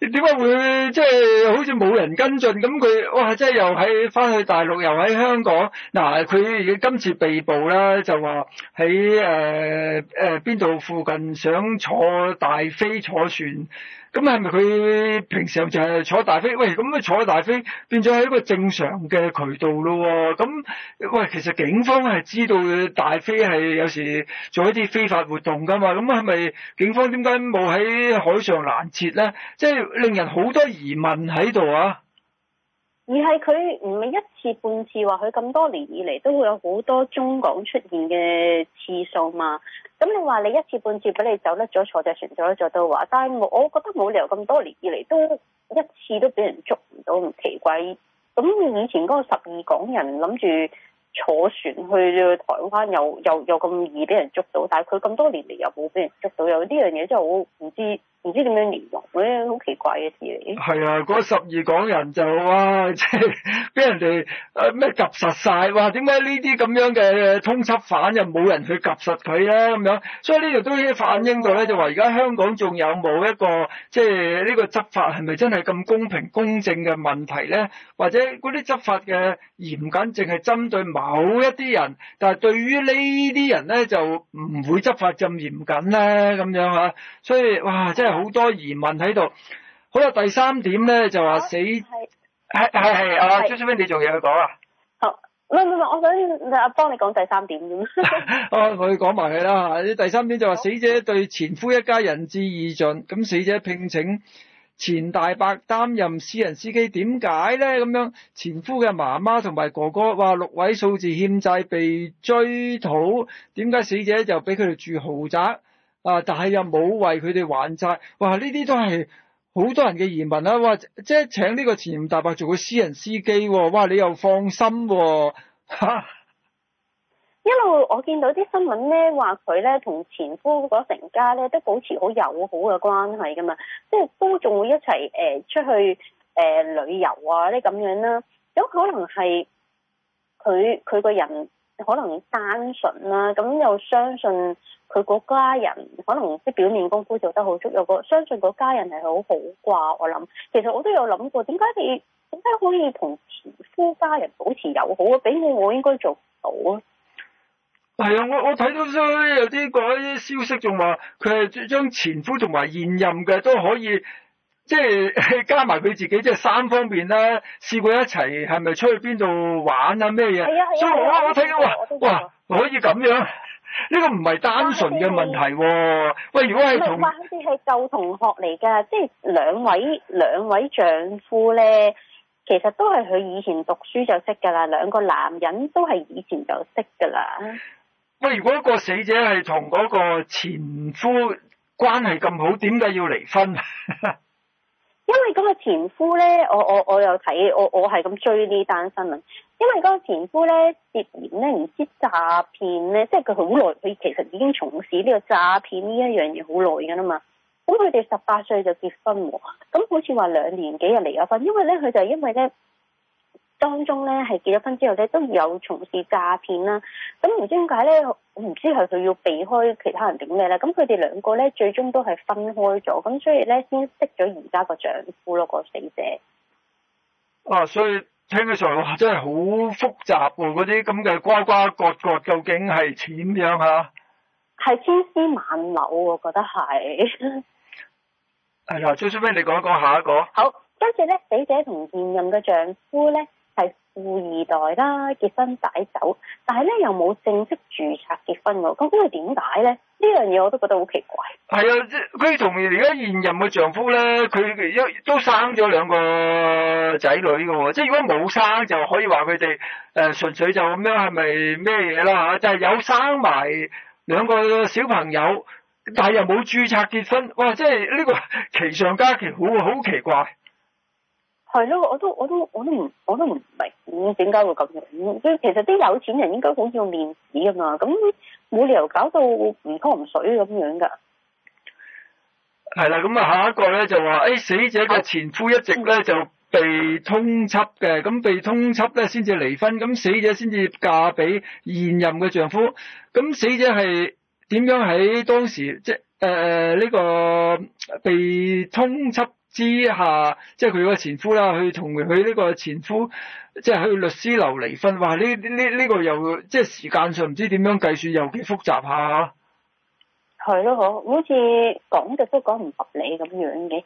點解會即係好似冇人跟進？咁佢哇，即係又喺翻去大陸，又喺香港。嗱、啊，佢而今次被捕啦，就話喺誒誒邊度附近想坐大飛坐船。咁係咪佢平時又就係坐大飛？喂，咁佢坐大飛變咗喺一個正常嘅渠道咯、哦？咁喂，其實警方係知。知道大飛係有時做一啲非法活動噶嘛？咁係咪警方點解冇喺海上攔截咧？即係令人好多疑問喺度啊！而係佢唔係一次半次話，佢咁多年以嚟都會有好多中港出現嘅次數嘛？咁你話你一次半次俾你走甩咗，坐隻船走得咗都話，但係我覺得冇理由咁多年以嚟都一次都俾人捉唔到咁奇怪。咁以前嗰個十二港人諗住。坐船去台灣，又又又咁易俾人捉到，但係佢咁多年嚟又冇俾人捉到，有呢樣嘢真係好唔知。唔知點樣形容咧，好奇怪嘅事嚟。係啊，嗰十二港人就哇，即係俾人哋誒咩及實曬，哇，點解呢啲咁樣嘅通緝犯又冇人去及實佢咧？咁樣，所以呢度都已經反映到咧，就話而家香港仲有冇一個即係呢個執法係咪真係咁公平公正嘅問題咧？或者嗰啲執法嘅嚴謹淨係針對某一啲人，但係對於呢啲人咧就唔會執法咁嚴謹咧？咁樣嚇，所以哇，即係。好多疑問喺度。好啦，第三點咧就話死係係係啊，朱小姐你仲有嘢去講啊？好，唔唔我想阿幫你講第三點咁。啊， 我要講埋佢啦嚇。第三點就話死者對前夫一家人至義盡，咁好死者聘請前大伯擔任私人司機，點解咧咁樣？前夫嘅媽媽同埋哥哥話六位數字欠債被追討，點解死者就俾佢哋住豪宅？啊！但係又冇為佢哋還債，哇！呢啲都係好多人嘅疑問啦。哇！即係請呢個前大伯做個私人司機，啊，哇！你又放心，啊，吓？一路我見到啲新聞咧，話佢咧同前夫嗰成家咧都保持好友好嘅關係噶嘛，即、就、係、是、都仲會一齊誒、呃、出去誒、呃、旅遊啊，呢咁樣啦，啊。咁可能係佢佢個人，可能單純啦、啊，咁又相信佢個家人，可能啲表面功夫做得好足，有個相信個家人係好好啩、啊。我諗，其實我都有諗過，點解你點解可以同前夫家人保持友好啊？俾我，我應該做唔到啊。係啊，我我睇到有啲嗰啲消息，仲話佢係將前夫同埋現任嘅都可以。即係加埋佢自己，即係三方面啦。試過一齊係咪出去邊度玩啊？咩嘢？係啊係啊！啊所以、啊、我我睇到話，哇可以咁樣，呢、呢個唔係單純嘅問題喎、啊。喂，如果係同唔係話好似係舊同學嚟㗎？即係兩位兩位丈夫咧，其實都係佢以前讀書就識㗎啦。兩個男人都係以前就識㗎啦。喂，如果一個死者係同嗰個前夫關係咁好，點解要離婚？ 因為嗰個前夫咧，我我我有睇，我我係咁追呢單新聞。因為嗰個前夫咧涉嫌咧唔知詐騙咧，即係佢好耐，佢其實已經從事呢個詐騙呢一樣嘢好耐噶啦嘛。咁佢哋十八歲就結婚，咁好似話兩年幾日離咗婚。因為咧，佢就因為咧。當中咧係結咗婚之後咧都有從事詐騙啦，咁唔知點解咧，我唔知係佢要避開其他人點咩咧？咁佢哋兩個咧最終都係分開咗，咁所以咧先識咗而家個丈夫咯，個死者。啊，所以聽起上嚟真係好複雜喎、啊，嗰啲咁嘅瓜瓜葛葛，究竟係點樣吓、啊？係千絲萬縷、啊，我覺得係。係啦， 最出邊你講一講下講一個。好，跟住咧，死者同現任嘅丈夫咧。富二代啦，結婚擺酒，但係咧又冇正式註冊結婚喎。咁究竟點解咧？呢樣嘢我都覺得好奇怪。係啊，即係佢同而家現任嘅丈夫咧，佢一都生咗兩個仔女㗎喎。即係如果冇生，就可以話佢哋誒純粹就咁樣係咪咩嘢啦嚇？就係、是、有生埋兩個小朋友，但係又冇註冊結婚。哇！即係呢、這個奇上加奇，好好奇怪。係咯，我都我都我都唔我都唔明點解會咁樣。其實啲有錢人應該好要面子㗎嘛，咁冇理由搞到唔湯唔水咁樣噶。係啦，咁啊下一個咧就話，誒、哎、死者嘅前夫一直咧就被通緝嘅，咁被通緝咧先至離婚，咁死者先至嫁俾現任嘅丈夫。咁死者係點樣喺當時即誒呢個被通緝？私下即係佢個前夫啦，去同佢呢個前夫即係去律師樓離婚，話，呢呢呢個又即係時間上唔知點樣計算又幾複雜下、啊。係咯，好，好似講就都講唔合理咁樣嘅。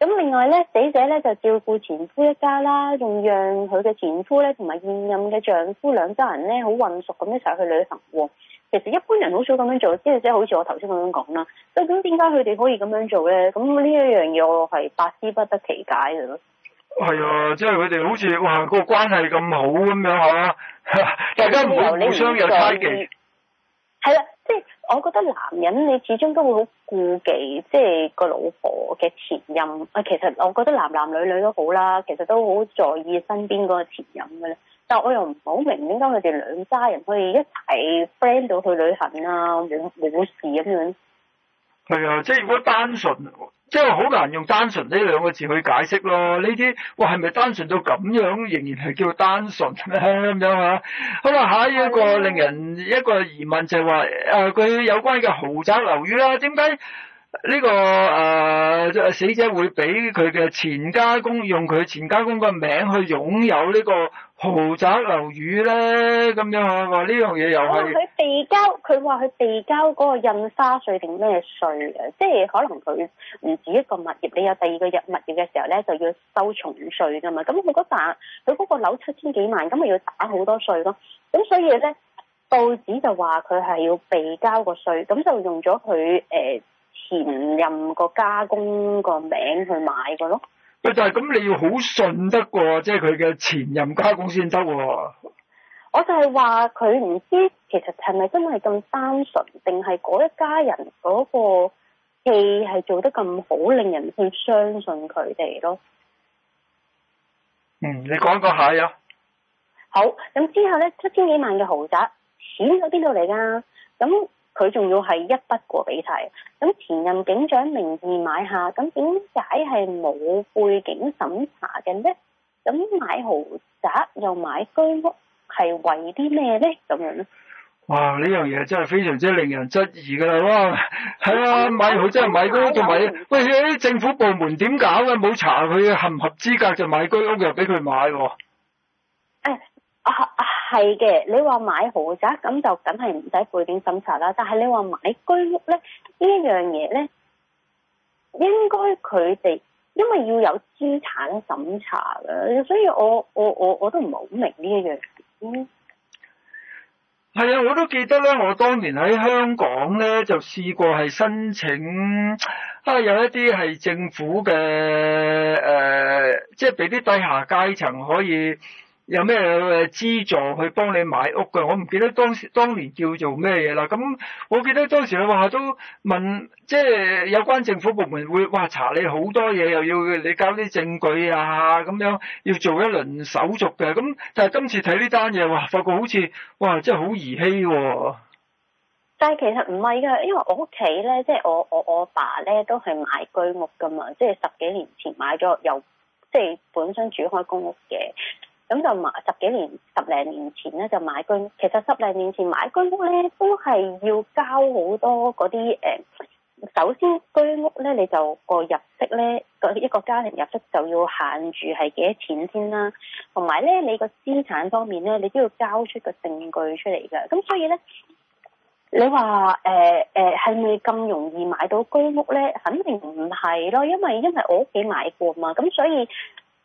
咁另外咧，死者咧就照顧前夫一家啦，仲讓佢嘅前夫咧同埋現任嘅丈夫兩家人咧好混熟咁一齊去旅行。其實一般人好少咁樣做，即係即係好似我頭先咁樣講啦。究竟咁，點解佢哋可以咁樣做咧？咁呢一樣嘢，我係百思不得其解嘅咯。係、哎，就是、啊，即係佢哋好似話個關係咁好咁樣吓，大家唔好互相有猜忌。係啦， 即、就、係、是、我覺得男人你始終都會好顧忌，即、就、係、是、個老婆嘅前任。啊，其實我覺得男男女女都好啦，其實都好在意身邊嗰個前任嘅咧。但我又唔好明點解佢哋兩家人可以一齊 friend 到去旅行啊，冇冇事咁、啊、樣？係啊，即係如果單純，即係好難用單純呢兩個字去解釋咯。呢啲哇係咪單純到咁樣，仍然係叫單純咩咁樣啊？樣好啦，下一個令人一個疑問就係話誒，佢、啊、有關嘅豪宅樓宇啦、啊，點解？呢、這個誒、呃、死者會俾佢嘅前家公用佢前家公個名去擁有呢個豪宅樓宇咧，咁樣嚇話呢樣嘢又係佢避交，佢話佢避交嗰個印花稅定咩稅啊？即係可能佢唔止一個物業，你有第二個物業嘅時候咧，就要收重稅噶嘛。咁佢嗰笪佢嗰個樓七千幾萬，咁咪要打好多稅咯。咁所以咧，報紙就話佢係要避交個稅，咁就用咗佢誒。呃前任個家公個名去買個咯，佢就係咁，你要好信得過，即係佢嘅前任家公先得。我就係話佢唔知其實係咪真係咁單純，定係嗰一家人嗰個戲係做得咁好，好，令人去相信佢哋咯。嗯，你講個下先，好，咁之後咧，七千幾萬嘅豪宅錢喺邊度嚟㗎？咁。佢仲要係一筆過俾晒，咁前任警長名義買下，咁點解係冇背景審查嘅呢？咁買豪宅又買居屋，係為啲咩呢？咁樣呢？哇！呢樣嘢真係非常之令人質疑噶啦，係 啊、哎，買豪宅係買居屋，仲買喂？政府部門點搞嘅？冇查佢合唔合資格就買居屋又買，又俾佢買喎。誒啊啊！係嘅，你話買豪宅咁就梗係唔使背景審查啦。但係你話買居屋咧，呢樣嘢咧應該佢哋因為要有資產審查㗎，所以我我我我都唔係好明呢一樣嘢。係啊，我都記得咧，我當年喺香港咧就試過係申請，啊有一啲係政府嘅，誒，即係俾啲低下階層可以。有咩誒資助去幫你買屋㗎？我唔記得當時當年叫做咩嘢啦。咁我記得當時你話都問，即係有關政府部門會哇查你好多嘢，又要你交啲證據啊咁樣，要做一輪手續嘅。咁但係今次睇呢單嘢，哇！發覺好似哇，真係好兒戲喎。但係其實唔係㗎，因為我屋企咧，即係我我我爸咧都係買居屋㗎嘛，即係十幾年前買咗，由即係本身住開公屋嘅。咁就買十幾年十零年前咧就買居屋，其實十零年前買居屋咧都係要交好多嗰啲誒，首先居屋咧你就個入息咧一個家庭入息就要限住係幾多錢先啦，同埋咧你個資產方面咧你都要交出個證據出嚟㗎，咁所以咧你話誒誒係咪咁容易買到居屋咧？肯定唔係咯，因為因為我屋企買過嘛，咁所以。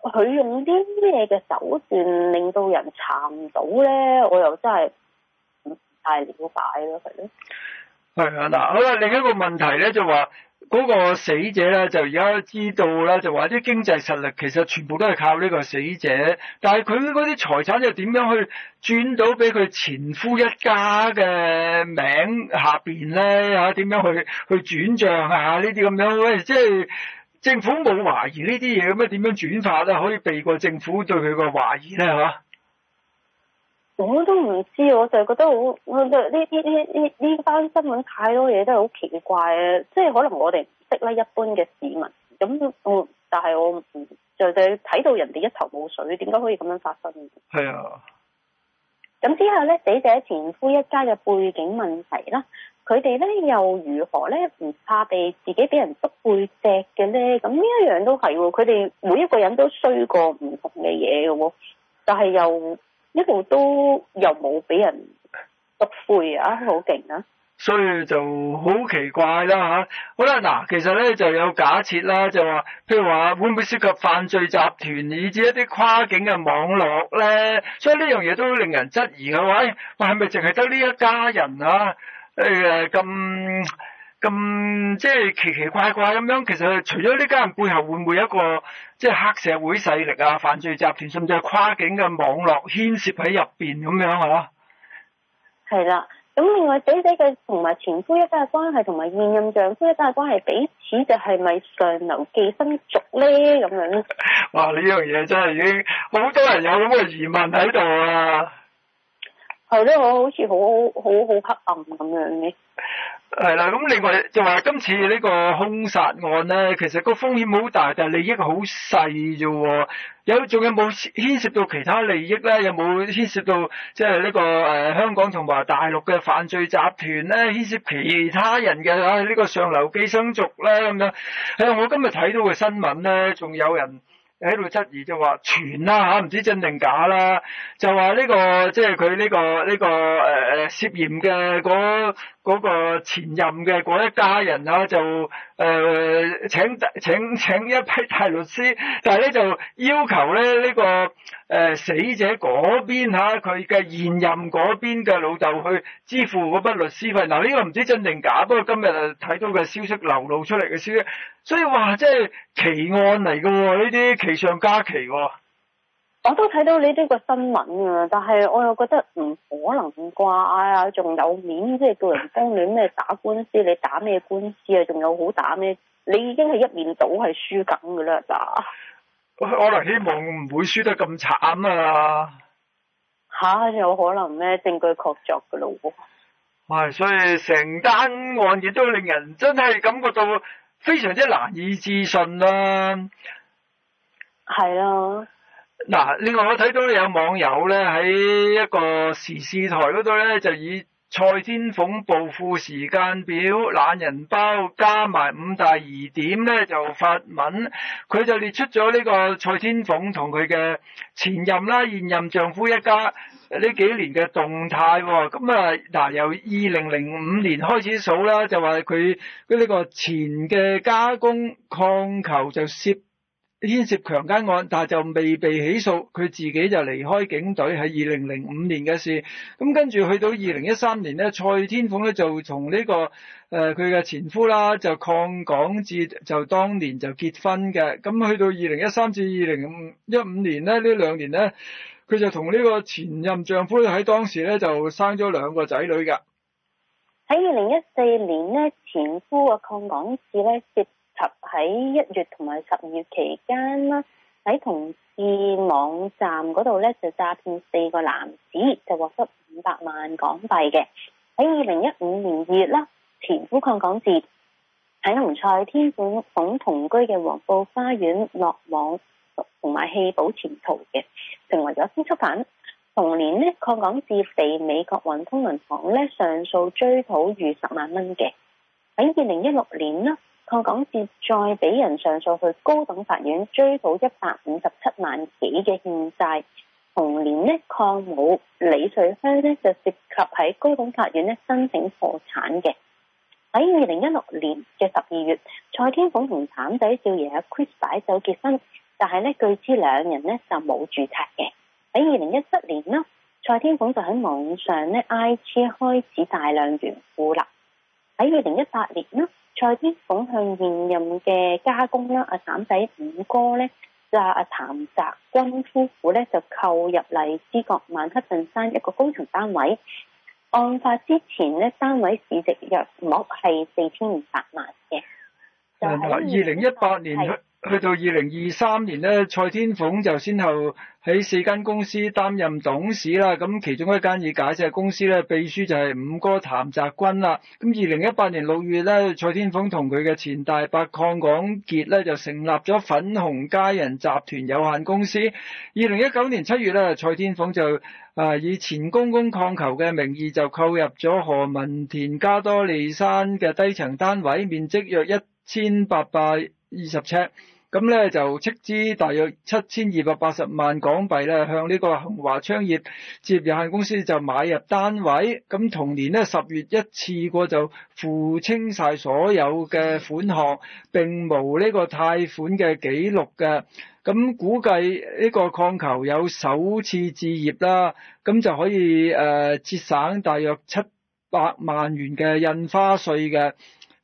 佢用啲咩嘅手段令到人查唔到咧？我又真係唔太了解咯，係咯。係啊，嗱，好啦，另一個問題咧就話嗰個死者咧就而家知道咧就話啲經濟實力其實全部都係靠呢個死者，但係佢嗰啲財產又點樣去轉到俾佢前夫一家嘅名下邊咧？吓，啊，點樣去去轉賬啊？呢啲咁樣，喂，即係。政府冇懷疑這些怎樣轉化呢啲嘢，咁樣點樣轉化咧，可以避過政府對佢個懷疑咧？吓，我都唔知，我就覺得好，我呢呢呢呢呢班新聞太多嘢，都係好奇怪啊！即係可能我哋唔識啦，一般嘅市民咁，嗯、但是我但係我唔就就睇到人哋一頭霧水，點解可以咁樣發生？係是啊，咁之後咧，死者前夫一家嘅背景問題啦。佢哋咧又如何咧？唔怕被自己俾人篤背脊嘅咧？咁呢一樣都係喎。佢哋每一個人都衰過唔同嘅嘢嘅喎，但係又一路都又冇俾人篤背啊！好勁啊！所以就好奇怪啦吓。好啦，嗱，其實咧就有假設啦，就話譬如話會唔會涉及犯罪集團，以至一啲跨境嘅網絡咧？所以呢樣嘢都令人質疑嘅喂，話係咪淨係得呢一家人啊？誒誒，咁咁即係奇奇怪怪咁樣，其實除咗呢家人背後會唔會一個即係、就是、黑社會勢力啊、犯罪集團，甚至係跨境嘅網絡牽涉喺入邊咁樣啊？係啦，咁另外，死者嘅同埋前夫一家嘅關係，同埋現任丈夫一家嘅關係，彼此就係咪上流寄生族咧？咁樣？哇！呢樣嘢真係已經好多人有咁嘅疑問喺度啊！係咧，我好似好好好黑暗咁樣嘅。係啦，咁另外就話今次呢個凶殺案咧，其實個風險好大，但係利益好細啫。有仲有冇牽涉到其他利益咧？有冇牽涉到即係呢個誒、呃、香港同埋大陸嘅犯罪集團咧？牽涉其他人嘅啊？呢個上流寄生族咧咁樣。誒，我今日睇到嘅新聞咧，仲有人。喺度質疑就話傳啦嚇，唔知真定假啦，就話呢、啊啊呢個即係佢呢個呢、呢個誒誒涉嫌嘅嗰、嗰個嗰個前任嘅嗰一家人啦、啊，就誒、呃、請請請一批大律師，但係咧就要求咧呢、呢個。誒，死者嗰邊吓，佢嘅現任嗰邊嘅老豆去支付嗰筆律師費。嗱，呢個唔知真定假，不過今日睇到嘅消息流露出嚟嘅消息，所以話即係奇案嚟噶喎，呢啲奇上加奇喎、啊。我都睇到呢啲個新聞啊，但係我又覺得唔可能啩啊，仲、哎、有面即係叫人方亂咩打官司？ 你打咩官司啊？仲有好打咩？你已經係一面倒係輸緊噶啦，咋、就是？我可能希望唔會輸得咁慘啊！吓，有可能咩？證據確鑿㗎咯喎。係，所以成單案件都令人真係感覺到非常之難以置信啦。係啊。嗱，另外我睇到有網友咧喺一個時事台嗰度咧，就以。蔡天鳳暴富時間表，懶人包加埋五大疑點咧就發文，佢就列出咗呢個蔡天鳳同佢嘅前任啦、現任丈夫一家呢幾年嘅動態、哦。咁、嗯、啊嗱，由二零零五年開始數啦，就話佢呢個前嘅加工礦求就涉。牽涉強姦案，但係就未被起訴，佢自己就離開警隊，係二零零五年嘅事。咁跟住去到二零一三年呢，蔡天鳳呢就同呢個誒佢嘅前夫啦，就抗港至就當年就結婚嘅。咁去到二零一三至二零一五年呢，呢兩年呢，佢就同呢個前任丈夫喺當時呢就生咗兩個仔女㗎。喺二零一四年呢，前夫啊抗港治呢涉。喺一月同埋十二月期間啦，喺同志網站嗰度咧就詐騙四個男子，就獲得五百萬港幣嘅。喺二零一五年二月啦，前夫抗港志喺同蔡天鳳同居嘅黃埔花園落網，同埋棄保潛逃嘅，成為咗通緝犯。同年呢，抗港志被美國運通銀行咧上訴追討逾十萬蚊嘅。喺二零一六年啦。鄺港智再俾人上訴去高等法院追討一百五十七萬幾嘅欠債，同年咧鄺母李瑞香咧就涉及喺高等法院咧申請破產嘅。喺二零一六年嘅十二月，蔡天鳳同譚仔少爺阿 Chris 擺酒結婚，但係咧據知兩人咧就冇註冊嘅。喺二零一七年啦，蔡天鳳就喺網上呢 IG 開始大量炫富啦。喺二零一八年啦。蔡天鳳向現任嘅家公啦，阿、啊、嬸仔五哥咧，就阿譚澤君夫婦咧就購入荔枝角曼克頓山一個工程單位。案發之前咧，單位市值約莫係四千五百萬嘅。二零一八年去的到二零二三年呢，蔡天鳳就先後喺四間公司擔任董事啦。咁其中一間以解釋公司咧，秘書就係五哥譚澤君啦。咁二零一八年六月呢，蔡天鳳同佢嘅前大伯鄺港傑咧就成立咗粉紅佳人集團有限公司。二零一九年七月呢，蔡天鳳就、啊、以前公公鄺球嘅名義就購入咗何文田加多利山嘅低層單位，面積約一千八百二十尺，咁咧就斥資大約七千二百八十萬港幣咧，向呢個恒華昌業置業有限公司就買入單位。咁同年咧十月一次過就付清晒所有嘅款項，並無呢個貸款嘅記錄嘅。咁估計呢個鄺球有首次置業啦，咁就可以誒、呃、節省大約七百萬元嘅印花稅嘅。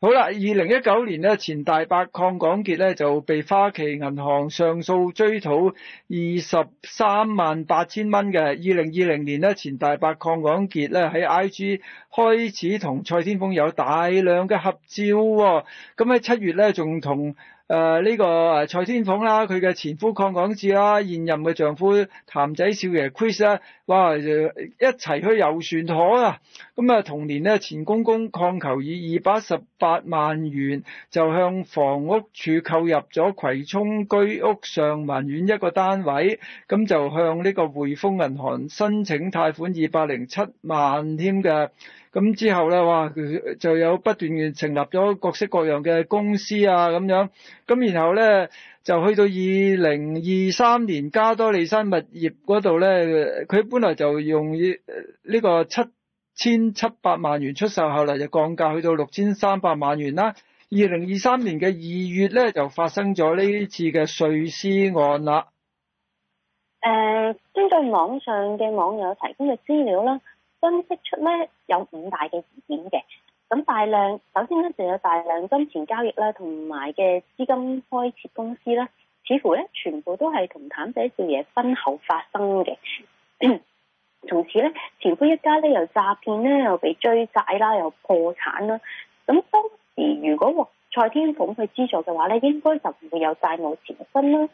好啦，二零一九年咧，前大伯鄺港傑咧就被花旗銀行上訴追討二十三萬八千蚊嘅。二零二零年咧，前大伯鄺港傑咧喺 IG 開始同蔡天鳳有大量嘅合照，咁喺七月咧仲同。誒，呢、呃這個誒蔡天鳳啦，佢嘅前夫抗港志啦，現任嘅丈夫譚仔少爺 Chris 啦，哇，一齊去遊船河啊！咁啊，同年呢，前公公抗求以二百十八萬元就向房屋署購入咗葵涌居屋上文苑一個單位，咁就向呢個匯豐銀行申請貸款二百零七萬添嘅。咁之後咧，哇，就有不斷嘅成立咗各式各樣嘅公司啊，咁樣。咁然後咧，就去到二零二三年，加多利山物業嗰度咧，佢本來就用呢呢個七千七百萬元出售，後來就降價去到六千三百萬元啦。二零二三年嘅二月咧，就發生咗呢次嘅碎屍案啦。誒、呃，根據網上嘅網友提供嘅資料啦。分析出咧，有五大嘅疑點嘅，咁大量首先咧就有大量金錢交易啦，同埋嘅資金開設公司啦，似乎咧全部都係同譚仔少爺婚後發生嘅。 從此咧，前夫一家咧又詐騙咧，又被追債啦，又破產啦。咁當時如果蔡天鳳去資助嘅話咧，應該就唔會有債務纏身啦。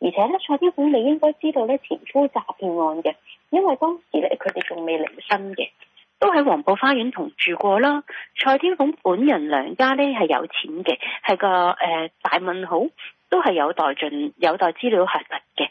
而且咧，蔡天鳳你應該知道咧，前夫詐騙案嘅，因為當時咧佢哋仲未離身嘅，都喺黃埔花園同住過啦。蔡天鳳本人娘家咧係有錢嘅，係個誒、呃、大問號，都係有待盡有待資料核實嘅。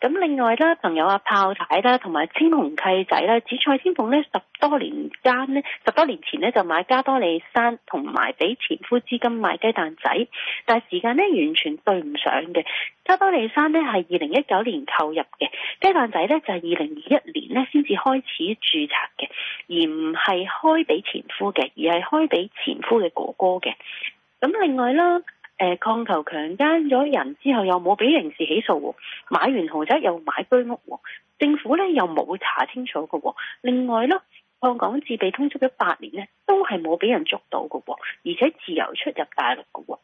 咁另外啦，朋友阿炮仔啦，同埋青紅契仔啦，指蔡天鳳咧，十多年間咧，十多年前咧就買加多利山，同埋俾前夫資金買雞蛋仔，但時間咧完全對唔上嘅。加多利山咧係二零一九年購入嘅，雞蛋仔咧就係二零二一年咧先至開始註冊嘅，而唔係開俾前夫嘅，而係開俾前夫嘅哥哥嘅。咁另外啦。誒抗，呃、球強姦咗人之後又冇俾刑事起訴喎，哦，買完豪宅又買居屋喎，哦，政府咧又冇查清楚嘅喎，哦。另外囉，抗港智被通緝咗八年咧，都係冇俾人捉到嘅喎，哦，而且自由出入大陸嘅喎，哦。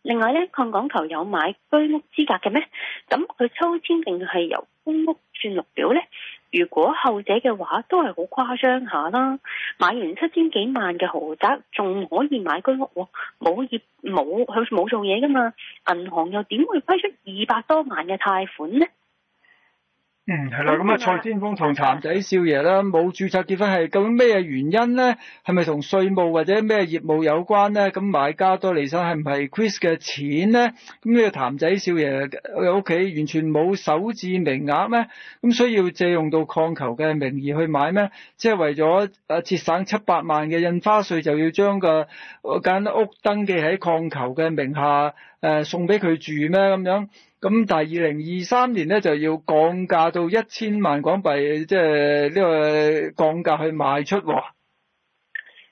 另外咧，抗港球有買居屋資格嘅咩？咁佢抽簽定係由公屋轉綠表咧？如果後者嘅話，都係好誇張下啦！買完七千幾萬嘅豪宅，仲可以買居屋喎？冇業冇佢，冇做嘢㗎嘛？銀行又點會批出二百多萬嘅貸款呢？嗯，係啦，咁啊，蔡天鳳同譚仔少爺啦，冇註冊結婚係，究竟咩原因咧？係咪同稅務或者咩業務有關咧？咁買家多利山係唔係 Chris 嘅錢咧？咁呢個譚仔少爺嘅屋企完全冇首置名額咩？咁需要借用到礦球嘅名義去買咩？即係為咗啊節省七百萬嘅印花稅，就要將個間屋登記喺礦球嘅名下誒，送俾佢住咩？咁樣？咁但係二零二三年咧就要降價到一千萬港幣，即係呢個降價去賣出。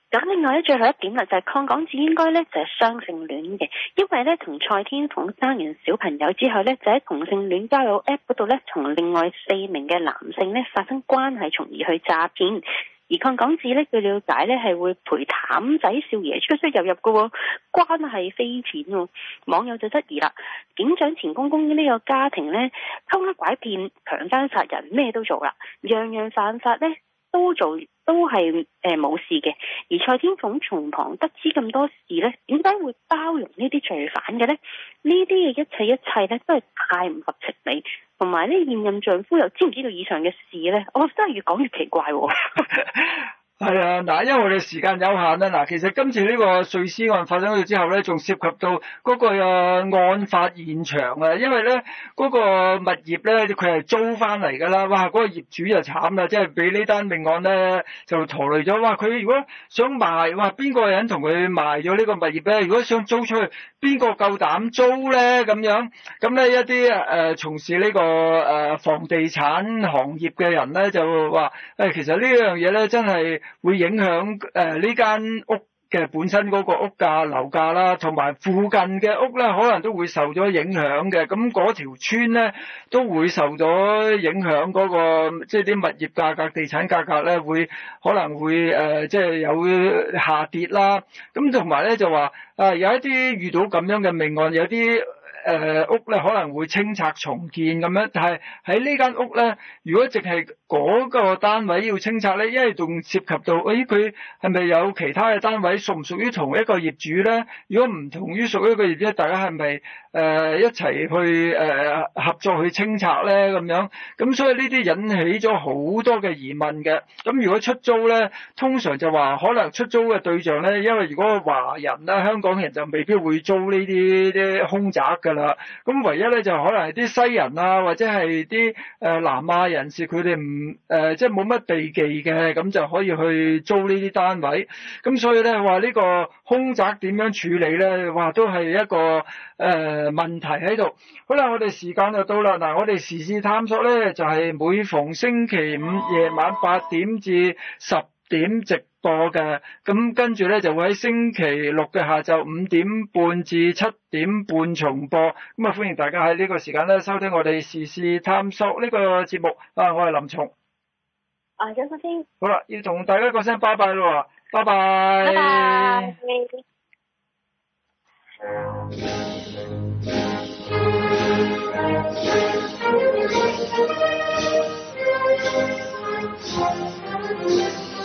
咁另外咧最後一點啦，就係鄺港智應該咧就係雙性戀嘅，因為咧同蔡天鳳生完小朋友之後咧，就喺同性戀交友 App 嗰度咧，同另外四名嘅男性咧發生關係，從而去詐騙。而鄺港智呢，據了解呢，係會陪譚仔少爺出出入入㗎喎、哦，關係非淺喎。網友就質疑啦，警長前公公呢個家庭呢，偷呃拐騙、強姦殺人，咩都做啦，樣樣犯法呢？」都做都係誒冇事嘅，而蔡天鳳從旁得知咁多事呢，點解會包容呢啲罪犯嘅呢？呢啲嘅一切一切呢，真係太唔合情理，同埋呢，現任丈夫又知唔知道以上嘅事呢？我真係越講越奇怪。係啊，嗱，因為我哋時間有限啦，嗱，其實今次呢個碎屍案發生咗之後咧，仲涉及到嗰個啊案發現場啊，因為咧嗰個物業咧，佢係租翻嚟噶啦，哇，嗰、嗰個業主就慘啦，即係俾呢單命案咧就拖累咗，哇，佢如果想賣，哇，邊個人同佢賣咗呢個物業咧？如果想租出去，邊個夠膽租咧？咁樣咁咧，一啲誒從事呢個誒房地產行業嘅人咧，就話誒、哎，其實呢樣嘢咧，真係會影響誒呢間屋。其實本身嗰個屋價樓價啦，同埋附近嘅屋咧，可能都會受咗影響嘅。咁嗰條村咧，都會受咗影響、嗰個，嗰個即係啲物業價格、地產價格咧，會可能會即係、呃即係、有下跌啦。咁同埋咧就話、呃，有一啲遇到咁樣嘅命案，有啲。誒、呃、屋咧可能會清拆重建咁樣，但係喺呢間屋咧，如果淨係嗰個單位要清拆咧，因為仲涉及到誒佢係咪有其他嘅單位屬唔屬於同一個業主咧？如果唔同於屬於一個業主咧，大家係咪誒一齊去誒、呃、合作去清拆咧？咁樣咁所以呢啲引起咗好多嘅疑問嘅。咁如果出租咧，通常就話可能出租嘅對象咧，因為如果華人啦、香港人就未必會租呢啲啲凶宅嘅。啦，咁唯一咧就可能係啲西人啊，或者係啲誒南亞人士，佢哋唔誒即係冇乜地忌嘅，咁就可以去租呢啲單位。咁所以咧話呢個凶宅點樣處理咧，話都係一個誒、呃、問題喺度。好啦，我哋時間就到啦。嗱，我哋時事探索咧就係、是、每逢星期五夜晚八點至十點直。播嘅，咁跟住咧就會喺星期六嘅下晝五點半至七點半重播，咁啊歡迎大家喺呢個時間咧收聽我哋時事探索呢個節目。啊，我係林松。啊，我是好啦，要同大家講聲拜拜啦，拜拜。拜拜 bye。